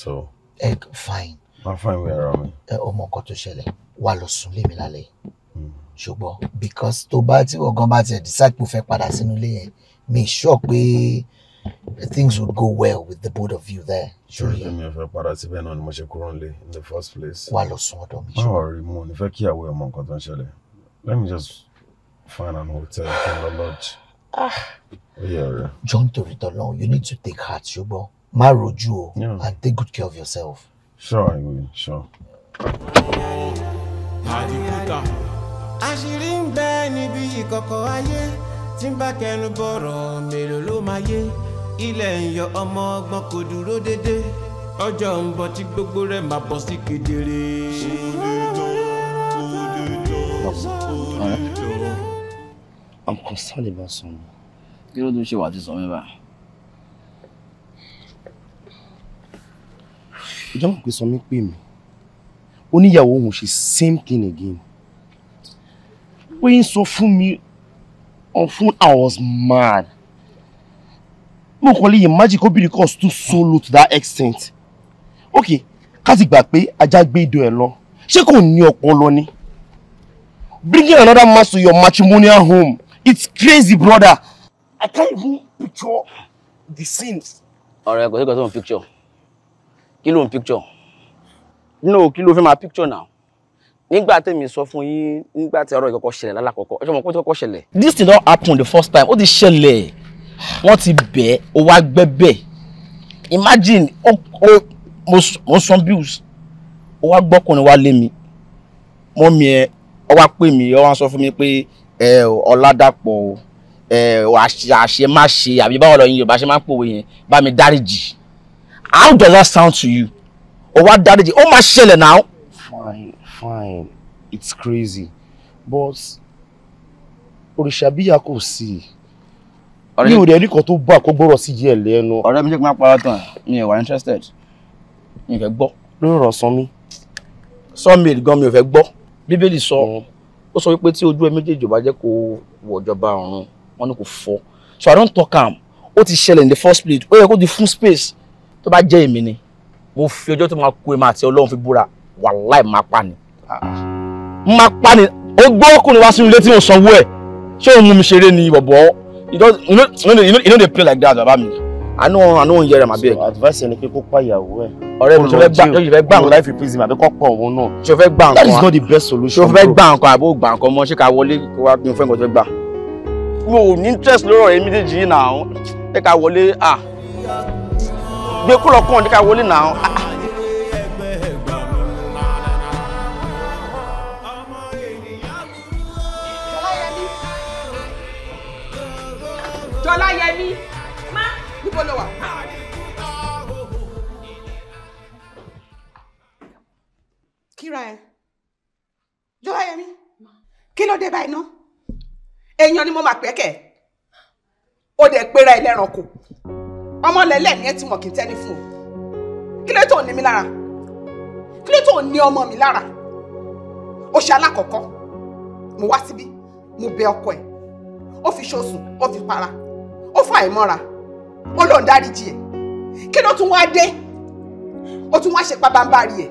so. ẹ fine. má fine wíwá ara mi. ẹ ọmọ nǹkan tó ṣẹlẹ̀ wà lọ sùn lèmi lálẹ́ hmm. ṣùgbọ́n because tó bá tí wọ́n bá tiẹ̀ decide pé o fẹ́ padà sínú ilé yẹn mi sure pé. Pe things would go well with the both of you there. Sure, mi ò fẹ́ padà síbẹ̀ náà ni in the first place. Wá lọ sùn ọ̀dọ̀ mi. Báwo rí mo ní fẹ́ kí Let me just find an hotel find a lodge. Ah, oh, yeah, yeah. John torí tọ́lọ́run, you need to take heart ṣùgbọ́n má rojú o and take good care of yourself. Sure, I will, sure ilẹ̀ ń yọ ọmọ ọgbọ́n kò dúró dédé ọjọ́ ń bọ̀ tí gbogbo rẹ̀ máa bọ̀ sí kedere. I'm concerned about someone. kí ló tún ṣe wà tí sọ mí báyìí. ìjọba pé sọmí pè mí oníyàwó òun ṣe same thing again pé ń sọ fún mi on phone I was mad mo kàn lè imagine kóbìnrin kan stoop so low to that extent Okay, ká ti gbà pé ajá gbé idò ẹ̀ lọ ṣé kò ní ọpọlọ ni bringing another man to your matrimonial home it's crazy brother i can't even picture the scenes. ọ̀rẹ́ kò sí kò sí picture kí ló ń picture no kí ló fẹ́ máa picture now nígbà tẹ̀mí sọ fún yín nígbà tí ọ̀rọ̀ ìkọ̀kọ̀ ṣẹlẹ̀ lálàkọ̀kọ̀ ẹ ṣe mọ̀ pé ó ti kọ́kọ́ ṣẹlẹ̀. this did not happen the first time ó ti ṣẹlẹ̀ wọ́n ti bẹ̀ ẹ́ o wá gbẹ́bẹ̀ imagine o o mo san bills o wá gbọ́kùnrin wá lé mi mọ́ mi ẹ ọ wá pè mí ọ wá sọ fún mi pé ẹ ọ̀làdàpọ̀ o ẹ àṣe má ṣe àbí báwo lọ yin Yorùbá ṣe máa ń pòwe yẹn bá mi dáríjì how does that sound to you o wá dáríjì ó máa ṣẹlẹ̀ náà. fine fine it's crazy but òrìṣà bíyà kò sí i mi ò dẹ̀ rí kan tó bá kó gbọ́rọ̀ sí yẹ lẹ́nu. ọ̀rẹ́ mi jẹ́ kí n máa parọ́ tán mi ò wà interested mi ò fẹ́ gbọ́. lórí ọ̀rọ̀ sanmi. sanmi gan mi ò fẹ́ gbọ́ bíbélì sọ mm. ó sọ wípé tí ojú ẹ méjèèjì ò bá jẹ́ kó wọ ìjọba ọ̀run wọn ni kò fọ́ so i don't talk am ó ti ṣẹlẹ̀ in the first place ó yẹ kó di fún space tó bá jẹ́ èmi ni mo fi ọjọ́ tó máa kú èmi àti ọlọ́run fi búra wàláì máa pa ni máa pa ni ó gbọ́ kò ní wá sínú ilé tí mo sanwó ẹ̀ ṣé òun mú mi ṣeré ni bọ̀bọ̀ you don't you know you know you know, you know they play like that about me. i know, i no wan hear am abeg. so advice ẹni pé kó pa ìyàwó ẹ. ọ̀rẹ́ mi ṣọfẹ gbà ṣọfẹ gbà nǹkan life prison àbí kọ pọ òun náà. ṣọfẹ gbà nǹkan that is not the best solution. ṣọfẹ gbà nǹkan àbó gbà nǹkan mọ ṣé ká wọlé kó wá bí mo fẹ́ nǹkan ṣọfẹ gbà. mo ò ní interest lórí ọ̀rẹ́ mi méjèèjì yìí náà ṣé ká wọlé ah gbé kúrò kàn ní ká wọlé náà ah. ah. Fọláyẹmí má níbo ló wà. kíra ẹ Jọláyẹmí kí ló dé báyìí ná èèyàn ni mo máa pẹ́ kẹ̀ ó dẹ̀ pera ẹ lẹ́ranko ọmọ lẹ́lẹ́mí ẹ ti mọ̀ kí n tẹ́ni fún o kí ló tó ní mi lára kí ló tó ní ọmọ mi lára ó ṣe alákọ̀ọ́kọ́ mo wá síbí mo bẹ ọkọ ẹ̀ ó fi ṣoṣù ó fi para ó fà ẹ́ mọ́ra ó lọ́n dáríjì ẹ̀ kí ló tún wá dé ó tún wá ṣe pabambarì ẹ̀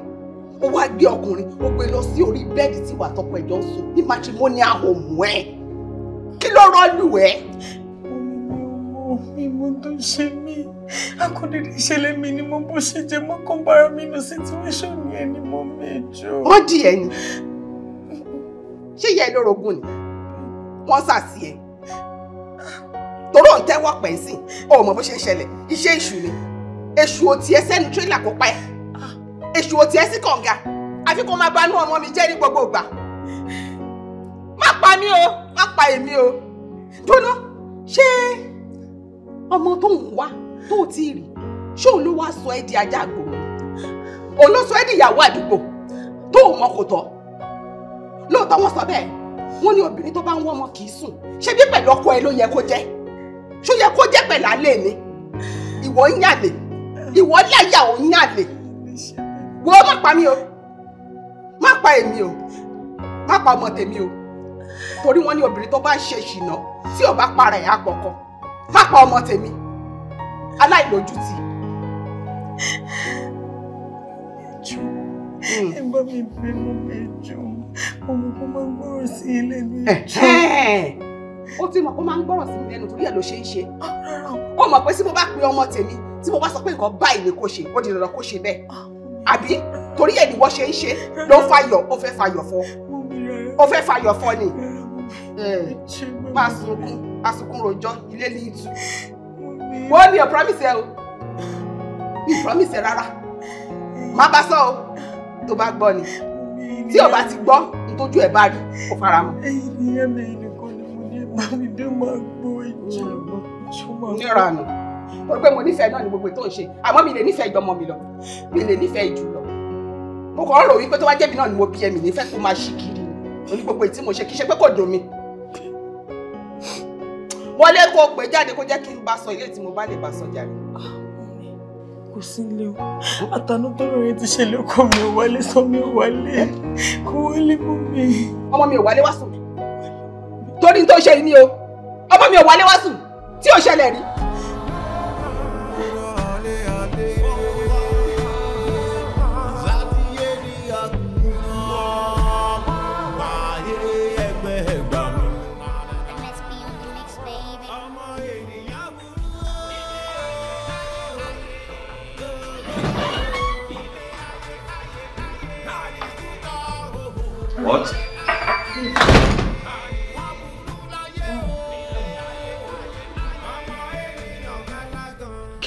ó wá gbé ọkùnrin ó gbé lọ sí orí bẹ́ẹ̀dì tí wàá tọkọ ẹ̀jọ́ sùn ní matrimonial home ẹ̀ kí ló rọ́ọ̀lù ẹ̀. mi mo tó ṣe mí akọ̀dédé ìṣẹ̀lẹ̀ mi ni mo bó ṣe jẹ́ mo kàn bára mi nù situation yẹn ni mo mẹ́jọ. wọ́n di ẹ̀ ni ṣé ìyá ẹ lórogún ni wọ́n sà sí ẹ torí òun tẹ́wọ́ pẹ̀ sí ọ mọ̀ bó ṣe ń ṣẹlẹ̀ iṣẹ́ èṣù ni èṣù ò tiẹ̀ sẹ́ni tírélà kó pa ẹ́ èṣù ò tiẹ̀ sí kànga àfi kó máa banú ọmọ mi jẹ́ ní gbogbo ìgbà má pa mí o má pa èmi o dúró ṣé ọmọ tó ń wá tó ti rí ṣé òun ló wá sọ ẹ́ di ajá àgbòrò òun ló sọ ẹ́ di ìyàwó àdúgbò tó ò mọ kò tọ́ lóòótọ́ wọ́n sọ bẹ́ẹ̀ wọ́n ní obìnrin tó bá ń wọ́ ọmọ kì í sùn ṣé bí pẹ̀lú ọkọ ẹ ló yẹ kó jẹ́ ṣó yẹ kó jẹ́ pẹ̀lú alẹ́ mi ìwọ ń yàlè ìwọ láyà ò ń yàlè wo má pa mí o má pa èmi o má pa ọmọ tèmi o torí wọ́n ní obìnrin tó bá ń ṣe ìṣìnà tí ò bá para ẹ̀ àpọ̀kọ má pa ọmọ tèmi aláìlójútì. ẹjọ ẹ bá mi bínú ẹjọ ọmọ kò máa gbọ́rọ̀ sí ilé mi ẹjọ ó ti mọ̀ ó máa ń gbọ́rọ̀ sí mi lẹ́nu torí ẹ̀ ló ṣe ń ṣe ó mọ̀ pé tí mo bá pe ọmọ tèmi tí mo bá sọ pé nǹkan báyìí ni kò ṣe ó di dandan kó ṣe bẹ́ẹ̀ àbí torí ẹ̀ ni wọ́n ṣe ń ṣe ló ń fàyọ̀ ó fẹ́ fàyọ̀ fọ́ ó fẹ́ fàyọ̀ fọ́ ni máa sunkún asunkún rojọ́ ilé ní ìtú wọ́n ní ọ̀ promise ẹ o ní promise ẹ rárá má bá sọ o tó bá gbọ́ ni tí o bá ti gbọ́ ntójú ẹ̀ bá rí o fara mọ́. Bámidé máa gbọ́ ìjì ìmọ̀. Nírànù, ó pé mo nífẹ̀ẹ́ náà ní gbogbo tó ń ṣe, àmọ́ mi lè nífẹ̀ẹ́ ìjọmọ mi lọ, mi lè nífẹ̀ẹ́ ìjù lọ. Mo kàn ń rò wípé tó wá jẹ́bi náà ni mo bí ẹ̀mí nífẹ̀ẹ́ kó máa ṣì kiri. Mo ní gbogbo ìtí mo ṣe kí ṣe pé kò dùn mí. Wọlé kó pè jáde kó jẹ́ kí n bá sọ ilé tí mo bá lè bá sọ jáde kò sí ilé o àtànú tọrọ rẹ ti ṣẹlẹ̀ ọkọ mi ò wálé sọ mi ò wálé kò wálé mú mi. ọmọ mi ò wálé wá sùn torí tó ṣe yìí ni o ọmọ mi ò wálé wá sùn tí ò ṣẹlẹ̀ rí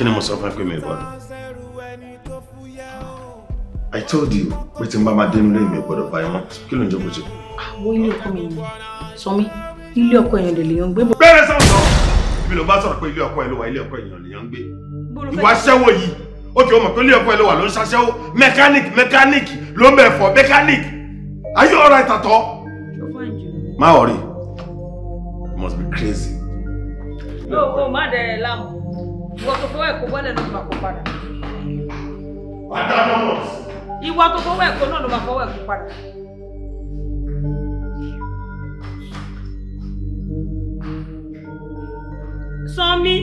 kí ni mo sọ fún ẹ pé mi gbọ́dọ̀ i told you pé tí n bá máa dé nílé mi gbọ́dọ̀ bá ẹ mọ́ kí ló ń jókòó jù. àwọn ilé ọkọ mi yìí sọ mí ilé ọkọ èèyàn lè lèèyàn gbé. bẹ́ẹ̀rẹ̀ sọ̀rọ̀ sọ ibi ló bá sọ̀rọ̀ pé ilé ọkọ ẹ ló wà ilé ọkọ èèyàn lèèyàn gbé ìwà ṣẹ́wó yìí ó ti wọ́n mọ̀ pé ilé ọkọ ẹ ló wà ló ń ṣaṣẹ́wó mechanic mechanic ló ń bẹ̀ fọ mechanic are you alright at all. má wọrí you must be crazy. lóòótọ́ má dẹ̀ láàmú. Ìwọ tó fọwọ́ ẹ̀kọ́ wọlé náà ló máa kó padà. Wàdà lọ́wọ́. Ìwọ tó fọwọ́ ẹ̀kọ́ náà ló máa fọwọ́ ẹ̀kọ́ padà. Sanmi.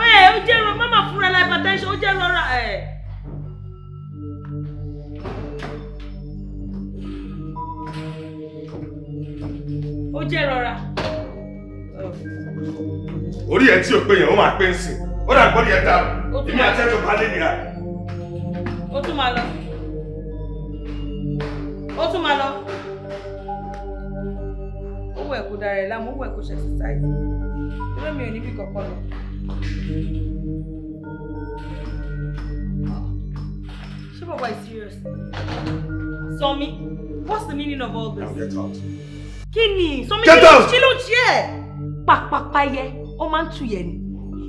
Oye, ó jẹ́ ìrọ̀ mọ́mọ́ fúnra la hypertension, ó jẹ́ ìrọ̀ ra ẹ̀. Ó jẹ́ ìrọ̀ ra orí ẹ tí o pé yẹn ó máa pé ń sìn ó dà gbọ́dọ̀ yẹn dàrú èmi àti ẹjọ́ bá lé nira. ó tún máa lọ ó tún máa lọ ó wẹ̀ kó dára ẹ̀ lámú ó wẹ̀ kó ṣe ṣèṣáìsì ìwé mi ò níbi kọ̀ọ̀kan lọ. ṣé bàbá is serious? Sọmi, what's the meaning of all this? Now get out. kí ni Sọmi kí ló ń pàpàpà ẹyẹ ó máa ń tu yẹ ni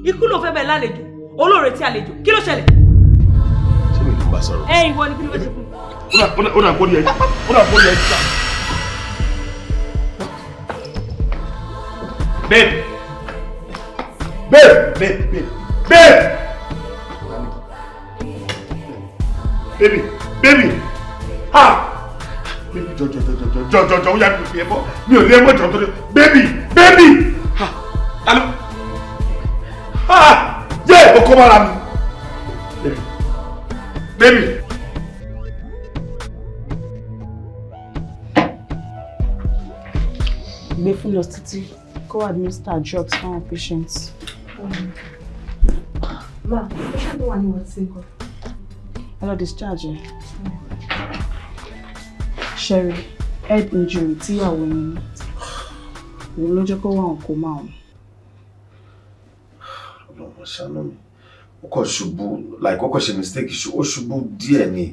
ikú ló fẹ́ bẹ́ẹ̀ lálejò olóore tí àlejò kí ló ṣẹlẹ̀. ṣé mi ló ń bá sọ̀rọ̀. ẹ ìwọ ni kí ló bá ṣe fún mi. ó dà bórí ẹ ó dà bórí ẹ jà. babe babe babe babe babe baby baby ha baby jọjọjọjọjọjọjọ ó yà mí fi ẹ bọ mi ò lé ẹ mọ jọjọ baby baby alo ah yé o kó bára baby baby. gbé fún lọ títí kó administer drugs fáwọn patients. ma ó ṣàbí wà ní wọ́n ti ń kọ́. ẹ lọ discharge ẹ. Sherry head injury tíyàwó mi ní òun ló jẹ́ kó wà ń kó máa wọn ṣàánú mi ó kàn ṣubú like ó kàn ṣe mistake ó ṣubú díẹ̀ ni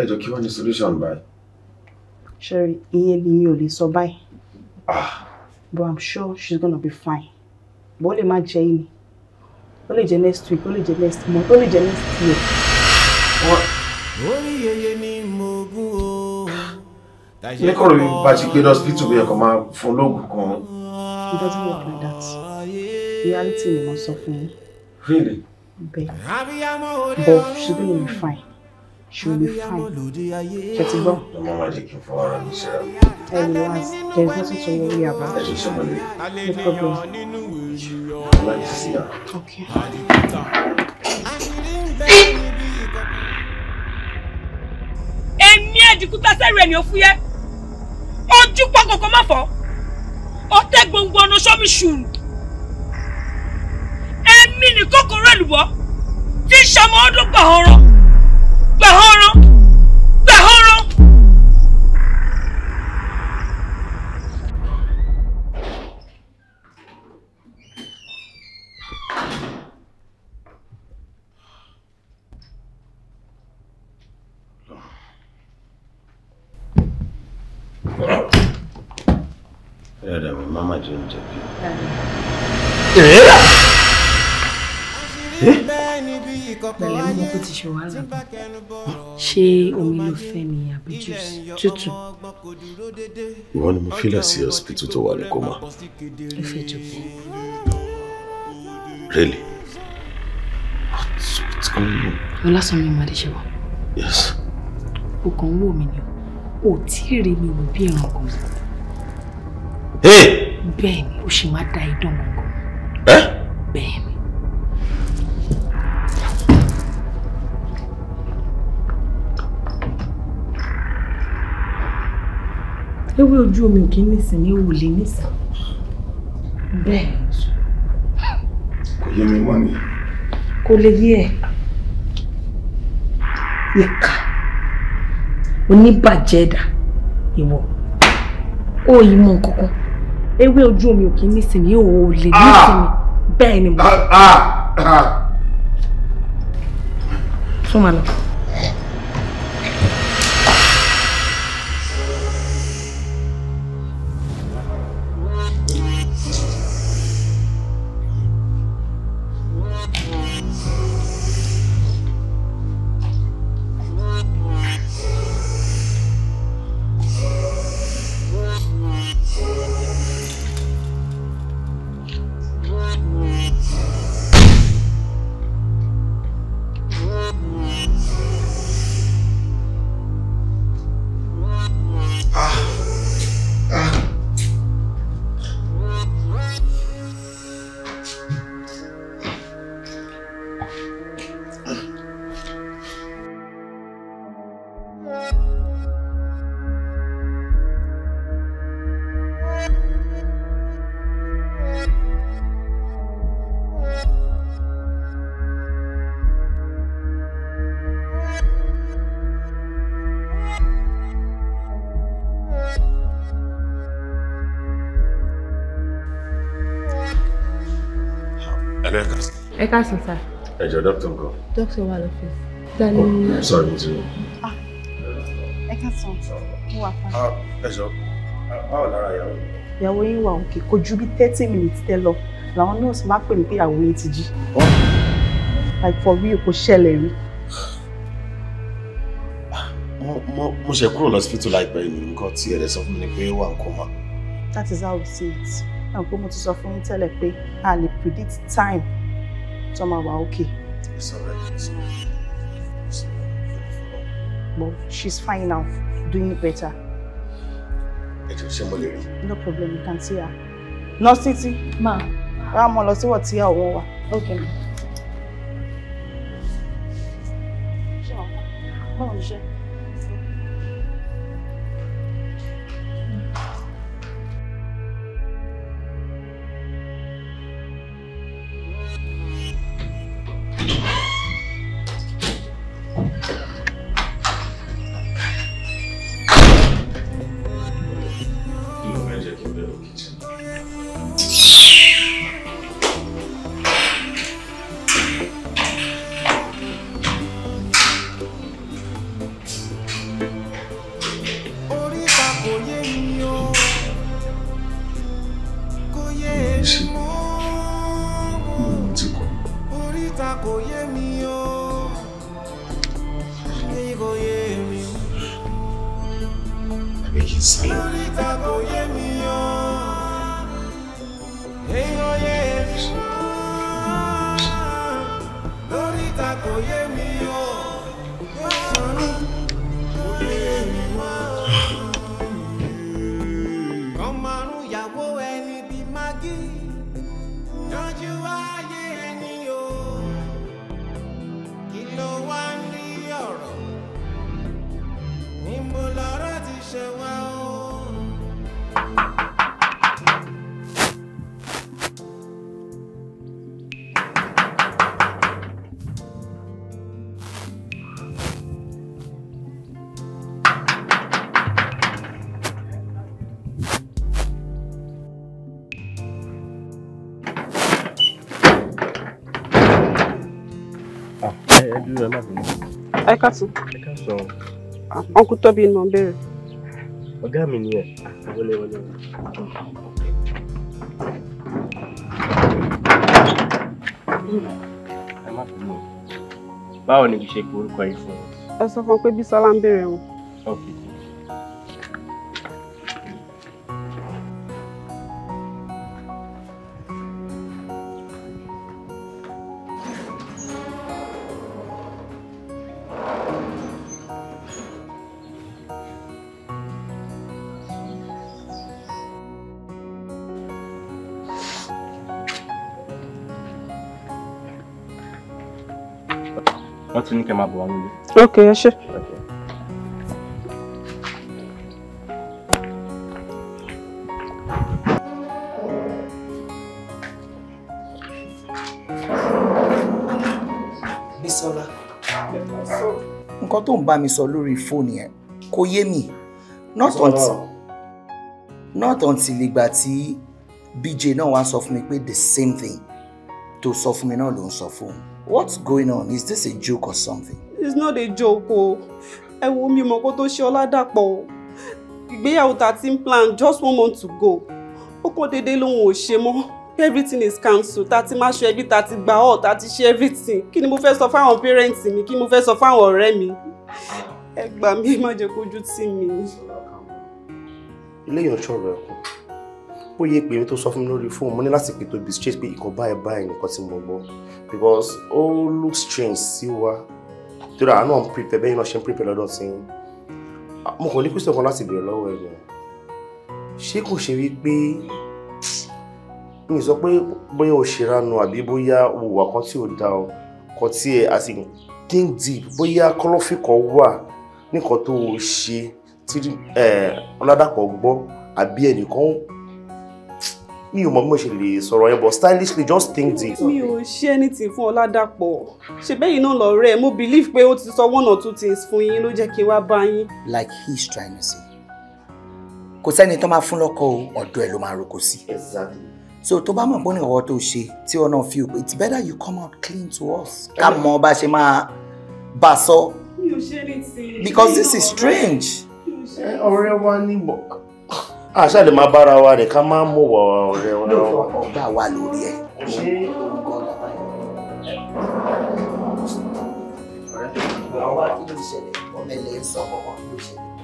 ẹ jọ kí wọ́n ní solution báyìí. sherry ìyẹn ni mi ò lè sọ báyìí. ah but i'm sure she's gonna be fine but ó lè má jẹ́ yìí ni ó lè jẹ́ next week ó lè jẹ́ next month ó lè jẹ́ next year. orí yeye ni mo gún o. ní kọ́rọ̀ bí bá ti gbé lọ́sibítù bí ẹ̀kọ́ máa fún lóògùn kan. It doesn't work like that. Reality ni mo sọ fún yín. Really? Bẹ́ẹ̀. But she be fine. She will be fine. Ṣé ti gbọ́? Ọmọ máa jẹ́ kí n fọwọ́ ara mi nothing to worry about. Ẹ ṣe ṣe mọ́lẹ̀. No problem. I like to see her. Okay. Èmi Ẹ̀dìkúta sẹ́rù ẹ̀ ní òfúyẹ́. Ojú pọ̀ kòkó má fọ́ ó tẹ́ gbogbo ọ̀nà sọ́mi ṣùrù èmi ní kòkòrò èlùbọ́ tí sọmọ ọdún gbà ọrọ àdúrà ń jẹ̀bi. Bẹ̀rẹ̀ mú tó ti ṣe wàhálà bọ̀. Ṣé omi ló fẹ́ ni àbí juice tútù? Ìwọ ni mo fílẹ̀ sí hospital tó wà ní Really? What's, what's going on? Ọlásánmi Màdéṣẹ́wà. Yes. O kàn ń wò ni o. O tí ì rí mi wò bí ẹranko. Hey! bẹ́ẹ̀ ni ó sì máa da idán gangan. ẹ. bẹ́ẹ̀ ni. ewé ojú omi ò kí ní ìsìn ní ewu lè nísìn bẹ́ẹ̀. kò yé mi mọ́ ni. kò lè yé ẹ ìka oníbàjẹ́ ẹ̀dá ìwọ ó yí mú nǹkan kan ewé ojú omi ò kì í nísìnyí ò lè nísìnyí ah! bẹ́ẹ̀ ni mo. sún ah! ah! ma lọ. ká sùn sá. ẹ jọ dókítà nǹkan. dókítà wà lọ́fíìsì. dani. sọ̀rọ̀ mi ti Ah. ẹ ká sùn mo Ah. pa. ẹ jọ báwo lára ìyàwó. ìyàwó yín wà òkè kò ju bí thirty minutes Tell tẹ lọ làwọn nọ́ọ̀sì máa pè mí pé ìyàwó yín ti jí. like for real kò ṣẹlẹ̀ rí mo ṣe kúrò lọ́sípítù láìpẹ́ ní nǹkan tí ẹ̀rẹ́ sọ fún mi ni pé ó wà ń kọ́mà. that is how we see it. ẹ̀ ń pé mo ti sọ fún yín tẹ́lẹ̀ pé predict time tó máa wà ókè. but she's fine now doing better. ẹ jọ ṣé mo no problem you can see her. No city, ma. I'm rà mọ́ lọ sí wọ̀ tí ma. báwo ni káàsán. ẹ káàsán. ọ̀nkú tóbi ni mo ń bèrè. ọ̀gá mi ni ẹ̀ wọlé wọlé wọlé. ẹ má bínú báwo ni kì í ṣe pé orúkọ yìí fún ọ. ẹ sọ fún un pé ok. ní kẹ́ máa bọ̀ wá nílé. ok ẹ ṣe. Bísọ́lá tó ń bá mi sọ lórí fóònù yẹn kò yé mi not until not until ìgbà tí BJ náà wá sọ fún mi pé the same thing tó sọ fún mi náà ló ń sọ fóun. What's going on? Is this a joke or something? It's not a joke o. Ẹ wo mi mọ̀ kó tó ṣe Ọládàpọ̀ o. Ìgbéyàwó ta ti ń plan just one month to go. Ó kàn déédéé lòun ò ṣe mọ́. Everything is cancelled. Ta ti máa ṣe ẹbí, ta ti gba ọ̀, ta ti ṣe everything. Kí ni mo fẹ́ sọ fáwọn parents mi? Kí ni mo fẹ́ sọ fáwọn ọ̀rẹ́ mi? Ẹ gbà mí má jẹ́ kójú tì mí. Ilé ìyọ̀ṣọ́ rẹ̀ kù bó yẹ pé tó sọ fún mi lórí fóònù mo ní láti pè tó bí straight pé ìkọ̀ báyìí báyìí nìkan tí mo gbọ́ because ó look strange sí wa torí àánú àwọn prepare bẹ́ẹ̀ náà ṣe ń prepare lọ́dọ̀ tí ah, mo kàn ní question kan láti béèrè lọ́wọ́ ẹ̀ gan ṣé kò ṣe wípé mi sọ pé bóyá o ṣèrànù àbí bóyá o wà kan tí o da ọ kan tí ẹ àti think deep bóyá kọlọ́fín kan wà nìkan tó o ṣe tí eh, ọ̀làdàpọ̀ gbọ́ àbí ẹnìkan mi ò mọ bí mo ṣe lè sọ̀rọ̀ yẹn but stylishly just think this. mi ò ṣe anything fún ọládàpọ̀ ṣe bẹ́yìn náà lọ rẹ̀ mo believe pé ó ti sọ one or two things fún yín ló jẹ́ kí n wá bá like he is trying to say kò sẹ́ni tó máa fún lọ́kọ o ọ̀dọ̀ ẹ̀ ló máa roko sí. exactly. so tó bá mọ̀ bó ní ọwọ́ tó ṣe tí ọ náà fi it's better you come out clean to us ká mọ bá ṣe máa bá a sọ. mi ò ṣe anything. because this is strange. ọ̀rẹ́ wa ni mo àṣà ah, lè máa bára wa nìkan máa ń mú wọ ọ̀rẹ́ wọn. ọgbà wà lórí ẹ.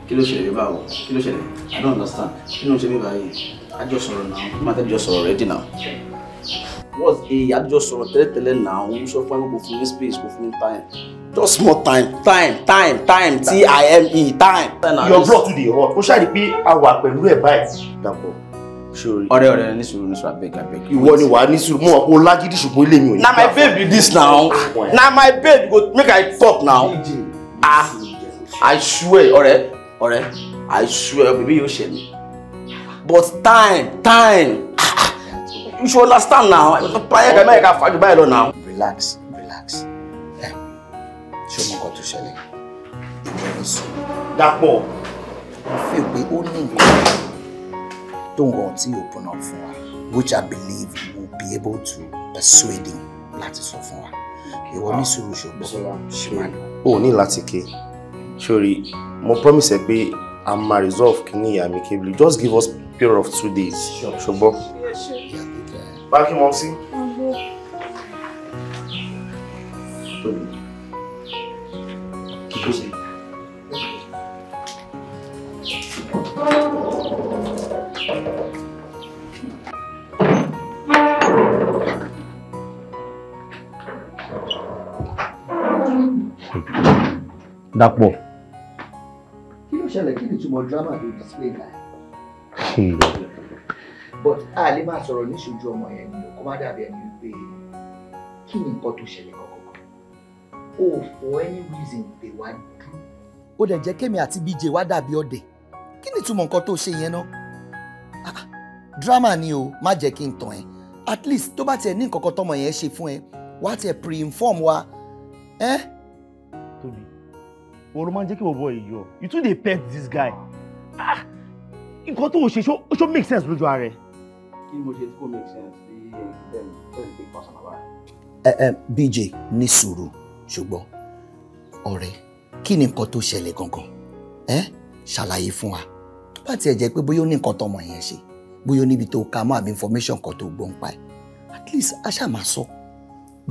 kí ló ṣẹlẹ̀ báwo kí ló ṣẹlẹ̀ i don't understand kí ló ń ṣe mí báyìí àjọ sọ̀rọ̀ náà kí máa tẹ́jọ sọ̀rọ̀ rẹ dìnnà what's a àjọ sọ̀rọ̀ tẹ́lẹ̀tẹ́lẹ̀ náà ń sọ fún ẹ kó fún mi space kó fún mi time just more time time time time e, t-i-m-e time. your blood too dey hot o ṣáà rí pé a wà pẹ̀lú ẹ̀ báyìí. dàpọ̀ sori. ọ̀rẹ́ ọ̀rẹ́ hmm. ní sùúrù ní sùúrù abeg abeg. ìwọ ni wàá ní sùúrù mo wà kó lágídí ṣùgbọ́n ilé mi ò ní. na my babe be this now ah, na my babe go make i talk now ah i swear ọ̀rẹ́ ọ̀rẹ́ i swear baby yóò ṣe mi but time time ah, ah, you should understand now ayẹkẹ mẹyẹkẹ afájú báyìí lọ now. relax relax ṣé o mọ nǹkan tó ṣẹlẹ̀ ìwọ ní sùn. dàpọ̀. mo fi pé ó ní nǹkan tó ń wọ̀n tí open up fún wa which I believe you will be able to persuade him láti sọ fún wa ìwọ ní sùúrù ṣùgbọ́n ṣì máa lọ. o ní láti ké sórí mo promise ẹ pé a resolve kini ya mi kébìlì just give us period of two days ṣùgbọ́n. báàkì mọ́ sí. Thank you. Dàpọ̀. kí ló ṣẹlẹ̀ kí ni túmọ̀ drama tó display náà. but a lè máa sọ̀rọ̀ níṣojú ọmọ yẹn ni kó má dàbí ẹni pé kí ni nǹkan tó ṣẹlẹ̀ kọ́ o for any reason they wá dú. ó dẹ̀ jẹ́ kémi àti bíjẹ́ wá dàbí ọ̀dẹ̀ kí ni ìtumọ̀ nǹkan tó ṣe yẹn ná ah, drama ni o má jẹ́ kí n tàn ẹ́ at least tó bá tiẹ̀ ní nǹkan kan tọmọ yẹn ṣe fún ẹ wá tiẹ̀ pre-inform wa. Eh? Tobi. wọn ló máa ń jẹ́ kí bọ̀bọ̀ yìí yọ you too dey pet this guy ah, nǹkan tó o ṣe ó ṣó make sense lójú ara ẹ. kí mo ṣe tí kò make sense bí ẹ ẹ ẹ gbé pàṣẹ náà báyìí. bj ní sùúrù ṣùgbọ́n ọ̀rẹ́ kí ni nǹkan tó ṣẹlẹ̀ gangan ẹ ṣàlàyé fún wa tó bá tiẹ̀ jẹ́ pé bóyá ó ní nǹkan tọmọ yẹn ṣe bóyá ó níbi tó ka mọ́ àbí information kan tó gbọ́n pa ẹ̀ at least a ṣáà máa sọ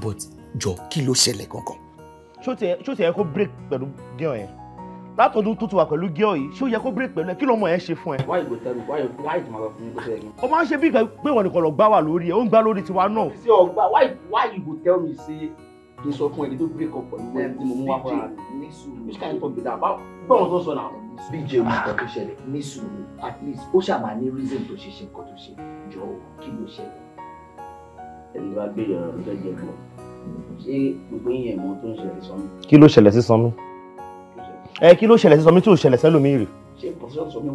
but jọ kí ló ṣẹlẹ̀ gangan. ṣó ti yẹ kó break pẹ̀lú gẹ́ọ̀ yẹn látọdún tó ti wà pẹ̀lú gẹ́ọ̀ yìí ṣó yẹ kó break pẹ̀lú ẹ kí lọ́mọ yẹn ṣe fún ẹ. wáyé ìgò tẹlu wáyé wáyé tó máa bá fún mi kó tẹ̀lé mi. ó máa ń ṣe bí pé wọn nìkan lọ gbá wà lórí ẹ ó ń gbá lórí tiwa náà. ṣé ọgbà why why you go tell me say kì í sọ fún ẹni tó break up pẹ̀lú ẹni tí mo mú wá fúnra mi which kind of talk be that báwo báwo tó sọ náà. bíjẹ omi kan tó ṣẹlẹ̀ ah. ní sùúrù at least ó ṣàmà ní reason tó ṣe ṣe nǹkan tó ṣe jọ kí ló ṣẹlẹ̀. ẹni wàá gbé ìyọ̀rọ̀ ló fẹ́ jẹ fún ọ ṣé gbogbo yín ẹ̀mọ́ tó ń ṣẹlẹ̀ sí Sànmí. kí ló ṣẹlẹ̀ sí Sànmí. ẹ kí ló ṣẹlẹ̀ sí Sànmí tí ò ṣẹlẹ̀ sẹ́lòmíì rè. ṣé pọ̀síṣọ́ Sànmí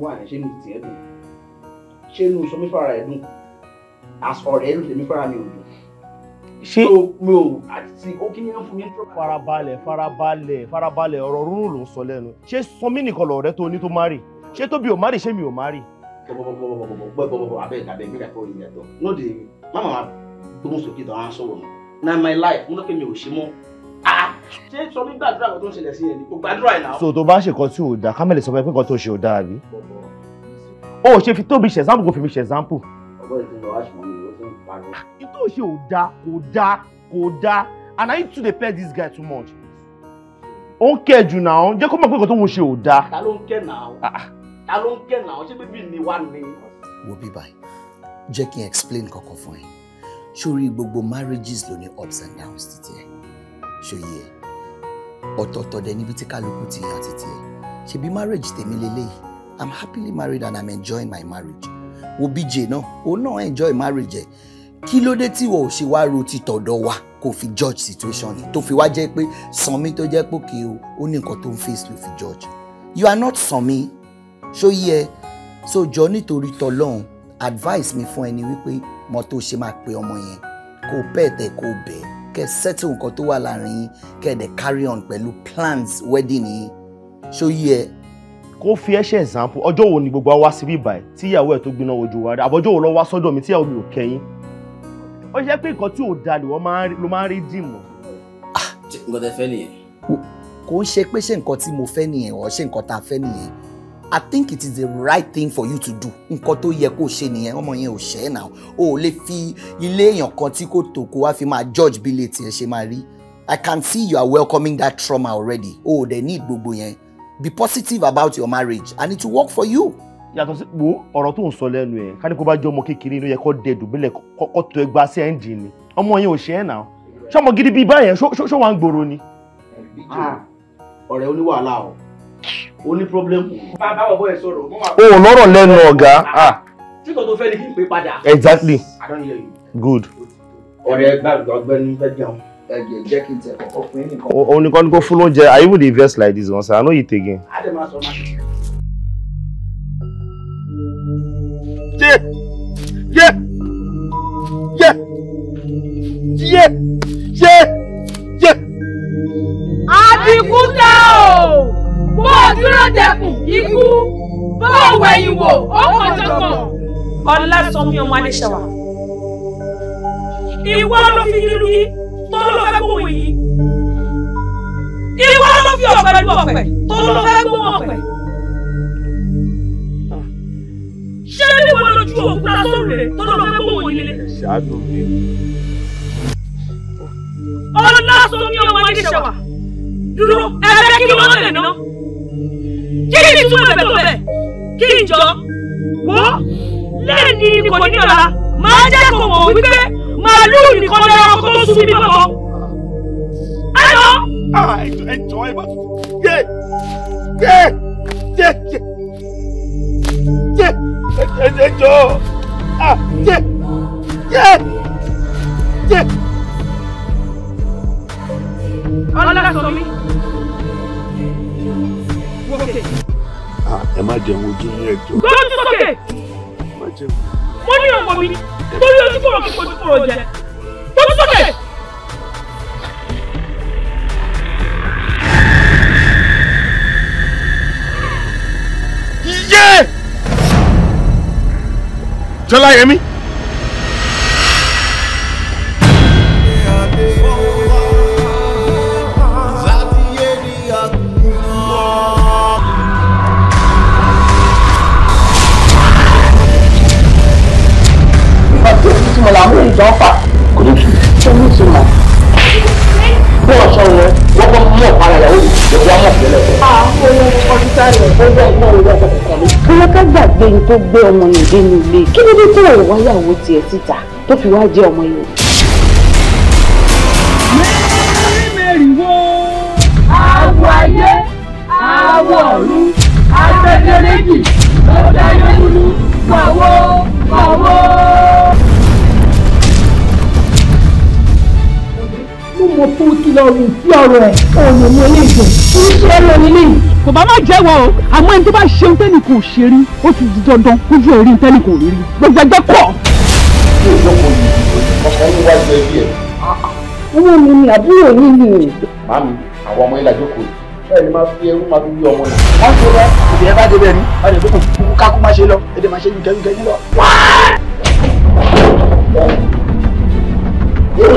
wà ní ṣé as ọ̀rẹ́ ló tẹ̀mí fara mi ṣé mi ò àti ó kí ni ẹ fún mi. farabalẹ̀ farabalẹ̀ farabalẹ̀ ọ̀rọ̀ rúrùn ló ń sọ lẹ́nu ṣé sanmi nìkan lọ̀rẹ́ tó ní tó má rì ṣé tóbi ò má rì ṣé mi ò má rì. bọ́bọ́bọ́bọ́bọ́ na my life mo ní pé mi ò ṣe mọ́ ah, ṣé sanmi gbàdúrà kan tó ń ṣẹlẹ̀ sí yẹn ni kò gbàdúrà ẹ̀ náà. so tó bá ṣe o ṣe fi tóbi ṣe example kò fi mi ṣe example. ọgbọ́n pariwo. ìtò ṣe ò dáa kò dáa kò dáa and I too dey pay this guy too much. ó ń kẹ́ jù náà jẹ́ kó mọ̀ pé nǹkan tó ń ṣe ò da. ta ló ń kẹ́ náà ah, ah. ta ló ń kẹ́ náà ṣé bíbí ni wà ní. wo bí báyìí jẹ́ kí n explain kankan fún ẹ sórí gbogbo marriages ló ní ups and downs títí ẹ ṣòye ẹ ọ̀tọ̀ọ̀tọ̀ dẹ níbi tí kálukú ti yàn títí ẹ ṣebí marriage tèmi lélẹ́yìí i'm happily married and i'm enjoying my marriage wo bj náà òun náà enjoy marriage ẹ kí ló dé tí wọ́n ò ṣe wá ro ti tọ̀dọ̀ wa kò fi judge situation yìí tó fi wá jẹ́ pé Sanmi tó jẹ́ pòkè o ó ní nǹkan tó ń face ló fi judge you are not Sanmi ṣó yẹ so jọ nítorí tọlọ́hún advice mi fún ẹni wípé mọ tó ṣe máa pe ọmọ yẹn kó bẹ́ẹ̀ tẹ̀ kó bẹ́ẹ̀ kẹ́ settle nǹkan tó wà láàrin yín kẹ́ dẹ̀ carry on pẹ̀lú plans wedding yìí ṣó yẹ. kó fi ẹ ṣe example ọjọ́ wo ni gbogbo wa wá síbí báyìí tíyàwó ẹ̀ tó gbiná wojú wa rí àbọ̀jọ́ wo lọ wá sọ́dọ̀ mi tíyàwó mi ò kẹ́yìn ó ṣe pé nǹkan tí ò da ló máa ń rí dìmọ̀. Ah, nǹkan tẹ fẹ́ nìyẹn. kò ń ṣe pé ṣé nǹkan tí mo fẹ́ nìyẹn ọ̀ ṣé nǹkan tá a fẹ́ nìyẹn I think it is the right thing for you to do nǹkan tó yẹ kó ṣe nìyẹn ọmọ yẹn ò ṣẹ́ náà o ò lè fi ilé èèyàn kan tí kò tó kó wá fi máa judge bí ilé tiẹ̀ ṣe máa rí I can see you are welcoming that trauma already o ò dẹ̀ ní gbogbo yẹn be positive about your marriage and it will work for you yàtọ̀ sí wo ọ̀rọ̀ tó ń sọ lẹ́nu ẹ̀ ká ní kó bá jẹ́ ọmọ kékeré inú yẹ kó dẹ dùbílẹ̀ kó tó ẹgbàá sí ẹ́ǹdì ni ọmọ yẹn ò ṣe é náà ṣọmọ gidi bíi báyẹn ṣó wà ń gbòòrò ni. ọ̀rẹ́ oníwàhálà o ó ní pọ́blẹ́mù. bàbá bàbá ẹ sọ̀rọ̀. o ò lọ́rọ̀ lẹ́nu ọ̀gá. Ah, ah. tí kò tó fẹ́ ni kí n pè padà. exactly good. ọ̀rẹ́ gbàgbọ́ ọgbẹ́ni fẹ́ jẹun òun nìkan ni kò fún lóúnjẹ i even dey like this once i no eat again. yé yé yé yé yé yé. àbíkú tá o bó o dúró dẹkùn ikú bó o wẹ̀yìn wò ó kọjọkọ. ọlásọmí ọmọ adéṣẹwà ìwọ ló fi irú yìí tó ló fẹ́ gbóhùn yìí ìwọ ló fi ọ̀pẹ lu ọ̀pẹ tó ló fẹ́ gbóhùn ọ̀pẹ. ṣé bí wọn lójú òkú lásán rèé tó lọ fẹ́ gbóhùn ilé. ṣáàdù mi. ọlọ́lá sọ ní ọmọ ẹgbẹ́ ṣẹwà dúró ẹgbẹ́ kí ló máa ná. kí ni tún ẹ̀bẹ̀ tó bẹ̀ kí n jọ wọ́ lẹ́ẹ̀ni kò ní ọ̀la máa jẹ́ kó wọ̀ wípé màálùú nìkan lẹ́rọ kó tó sún mi bọ̀. ẹ ah, ẹ jọ ẹ bá tún. yé yé yé jẹ ẹsẹ jọ ah jẹ jẹ jẹ. ọlọ́sọ̀mí wọ́kẹ̀. ẹ má jẹun ojú yín ẹjọ́. lọ́dún sókè. mo ní ọmọ mi torí ojú kòrò kí ojú kòrò jẹ lọ́dún sókè. Yeah! Jọláyẹmí. mọ̀ làwọn èèyàn ń fà kò ní tù. ṣé ní ìtumọ̀ bí ọ̀sán yẹn wọ́n bọ́ mú ọ̀pá rẹ̀ lọ́wọ́ yìí ìwọ mọ̀ tẹ́lẹ̀ fẹ́. bóyá ká gbàgbé ní tó gbé ọmọ yẹn dé ní ilé kí ló dé tó ò wáyàwó tiẹ̀ síta tó fi wá jẹ́ ọmọ yẹn. mẹ́rin mẹ́rin wo àwọ̀ ayé àwọ̀ ọ̀run agbẹ́dẹ́rẹ́jì lọ́dá yẹn lulú pàwọ́ pàwọ́. mo fún kìlọ̀ òun sí ọ̀rọ̀ ẹ̀ òun ò mú eléyìí kí n ṣe ẹ̀rọ nílé. kò bá má jẹ́wọ́ o àmọ́ ẹni tó bá ṣeun tẹ́nì kò ṣe rí ó ti di dandan kójú ẹ̀rí tẹ́nì kò rí rí gbogbo ẹgbẹ́ pọ̀. ṣé ìjókòó yìí ọkọ̀ ń wájú ẹbí ẹ̀. owó mi ni àbúrò mi ni. màámi àwọn ọmọ ilà jókòó bẹ́ẹ̀ ni máa fi ẹrú máa fi wí ọmọ náà. wọ́n ṣe lọ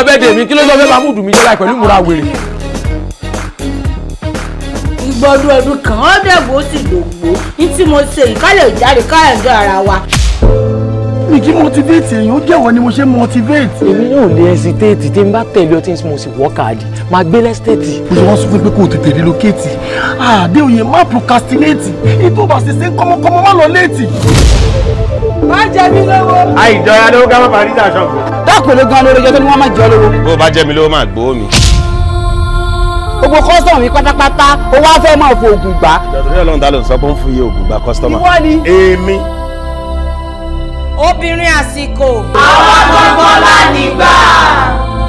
ọjọ́ bẹ́ẹ̀ dèmi kí ló sọ fẹ́ máa múdù mi jẹ́lá pẹ̀lú ìmúra wèrè. ìgbọ́dún ọdún kan ó dẹ̀gbó sì dògbò ní tí mo ṣe ìkálẹ̀ ìjáde káyọ̀dọ̀ ara wa. mi kí motivate èèyàn ó jẹ́wọ́ ni mo ṣe motivate. èmi yóò lè hesitate tí n bá tẹ̀lé ọtí mo sì wọ́ káàdì máa gbé lẹ́sítẹ́ẹ̀tì. mo ṣe wọ́n sọ fún pé kò tètè relocate àdéhùn yẹn má procrastinate ètò ìbàṣẹ̀ṣẹ̀ kọ́mọkọ́mọ má lọ má jẹ mí lówó. àìjọra ló ká má parí ìjà ṣọ́ọ̀bù. dákun ló gan lórí ẹjọ́ tó ní wọ́n má jẹ lówó. bó o bá jẹ mi lówó máa gbowó mi. gbogbo kọ́sítọ̀mù mi pátápátá o wá fẹ́ máa fo oògùn gbà. ìjọba ọlọ́run dá ló ń sọ pé ó ń fún iye oògùn gbà kọ́sítọ́mà. ìwọ ni. èmi. obìnrin àsìkò. àwa gbọ́ngàn lánìgbà.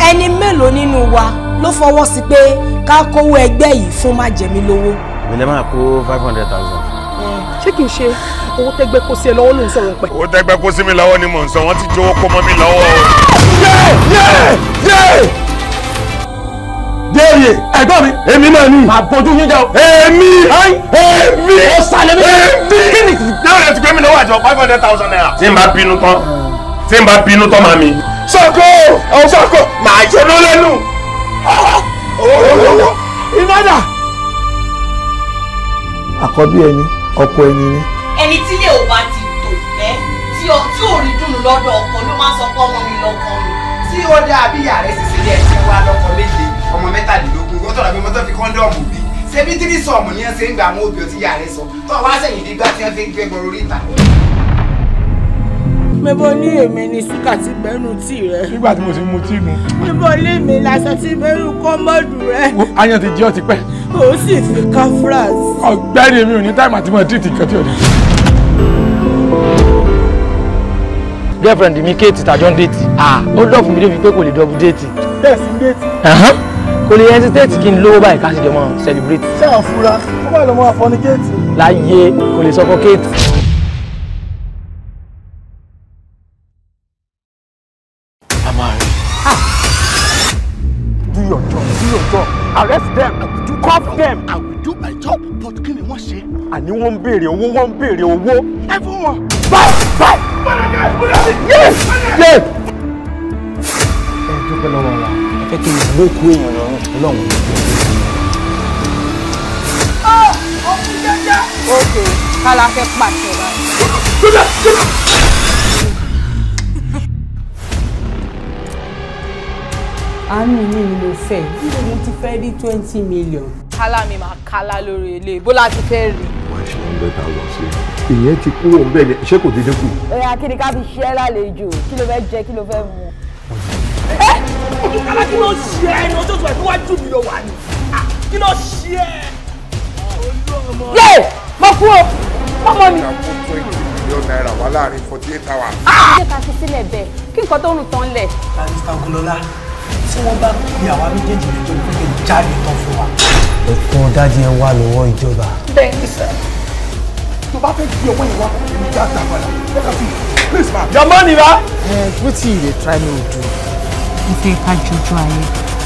ẹni mélòó nínú wa ló fọwọ́ sí pé ká kówó ẹgbẹ́ yìí fún má lówó. mi lè máa kó five hundred thousand ṣé kìí ṣe owó tẹ́gbẹ́ kó sí ẹ lọ́wọ́ ló ń sọ̀rọ̀ pẹ̀. owó tẹ́gbẹ́ kó sí mi lọ́wọ́ ni mò ń sọ wọ́n ti jówó kó mọ́ mi lọ́wọ́. déèrè ẹ̀gbọ́n mi èmi náà ni. màá bójú yín jẹ o. èmi èmi ọ̀sálẹ̀ mi. èmi kí ni. déèrè ti gbé mi lọ́wọ́ àjọ five hundred thousand naira. tí n bá bínú tán tí n bá bínú tán màmí. sọ́kò ọ̀sọ́kò màá jẹ́ ló lẹ́nu. iná dà. àkọ́bí ẹni ọkọ ẹni ni. ẹni tí lè ò bá ti tò ẹ́ tí ò rí dùn lọ́dọ̀ ọkọ ló máa sọ pé ọmọ mi lọ́kọ mi. tí ó dá abíyá rẹ̀ sì sílẹ̀ tí wàá lọ́kọ méje ọmọ mẹ́tàdínlógún ó tọ̀rọ̀ bí ọmọ tó fi kọ́ńdọ̀mù bí ṣebí tírísọ̀mù ni ẹ ṣe ń gbà mọ́ obì ọtí yà rẹ sọ tó wá sẹ́yìn dígbà tí wọ́n fi gbẹ́gbọ́n orí ìtàkùn mẹ́bọ ní èmi ni ṣúgà tí bẹ́nu tì rẹ. nígbà tí mo ti mu tí nu. mẹ́bọ lé mi lásán tí bẹ́nu kọ́mọ́dù rẹ. ayan ti jẹ́ ọtí pẹ́. o sì fi káfras. ọ̀gbẹ́ni mi ò ní táìmù àti mọ̀ títì kan tí ò ní. girlfriend mi kéètì tàjọ́ ń déètì ó dọ̀ mi débi pé kò lè dọ̀bù déètì. bẹ́ẹ̀ sí déètì. kò lè hesitate kí n lówó báyìí ká sì jọ mọ́ celebrate. ṣé àfúrá ó bá lọ mọ́ àfọ́nikéètì. láyé kò lè sọ kéètì. béèrè owó wọ́n ń béèrè owó. ẹ fún wọn. báyìí báyìí. ẹ dúpẹ́ lọ́wọ́ wa ẹ fẹ́ kí n gbé ikú èèyàn lọ́rùn lọ́wọ́. ọkùnrin jẹjẹ. ok kálá fẹ́ pàṣẹ báyìí. àánú mi ni mo fẹ́ níbo mo ti fẹ́ rí twenty million. kálá mi máa kálá lórí ilé bó láti fẹ́ rí i hundred thousand sí i ìyẹn ti kú òun bẹ́ẹ̀ ni ṣé kò dédé kù. ẹ̀yà kí ni ká fi ṣe é lálejò kí ló fẹ́ jẹ kí ló fẹ́ mu. ẹ kí ló ṣe é ní ojú ìtura níwájú mi ló wà ní kí ló ṣe é. yé mo kú o mọ́mọ́ mi. mílíọ̀nù wà láàrin forty eight hours. ṣé ká fi sílẹ̀ bẹ́ẹ̀ kí nǹkan tó ń tán lẹ̀. barista ogunlọ́lá tí wọ́n bá pè àwa méjèèjì lẹ́jọ́ pé kí n jáde tán fún wa. ẹ̀kún dájú ẹ wà lọ́wọ́ ìjọba. bẹ́ẹ̀ ni tó bá fẹ́ fi ọwọ́ yẹn wá já dá padà look at me please ma. your money ra. ẹ eh, wetin you dey try me to do. ìfẹ́ ká jojú ayé.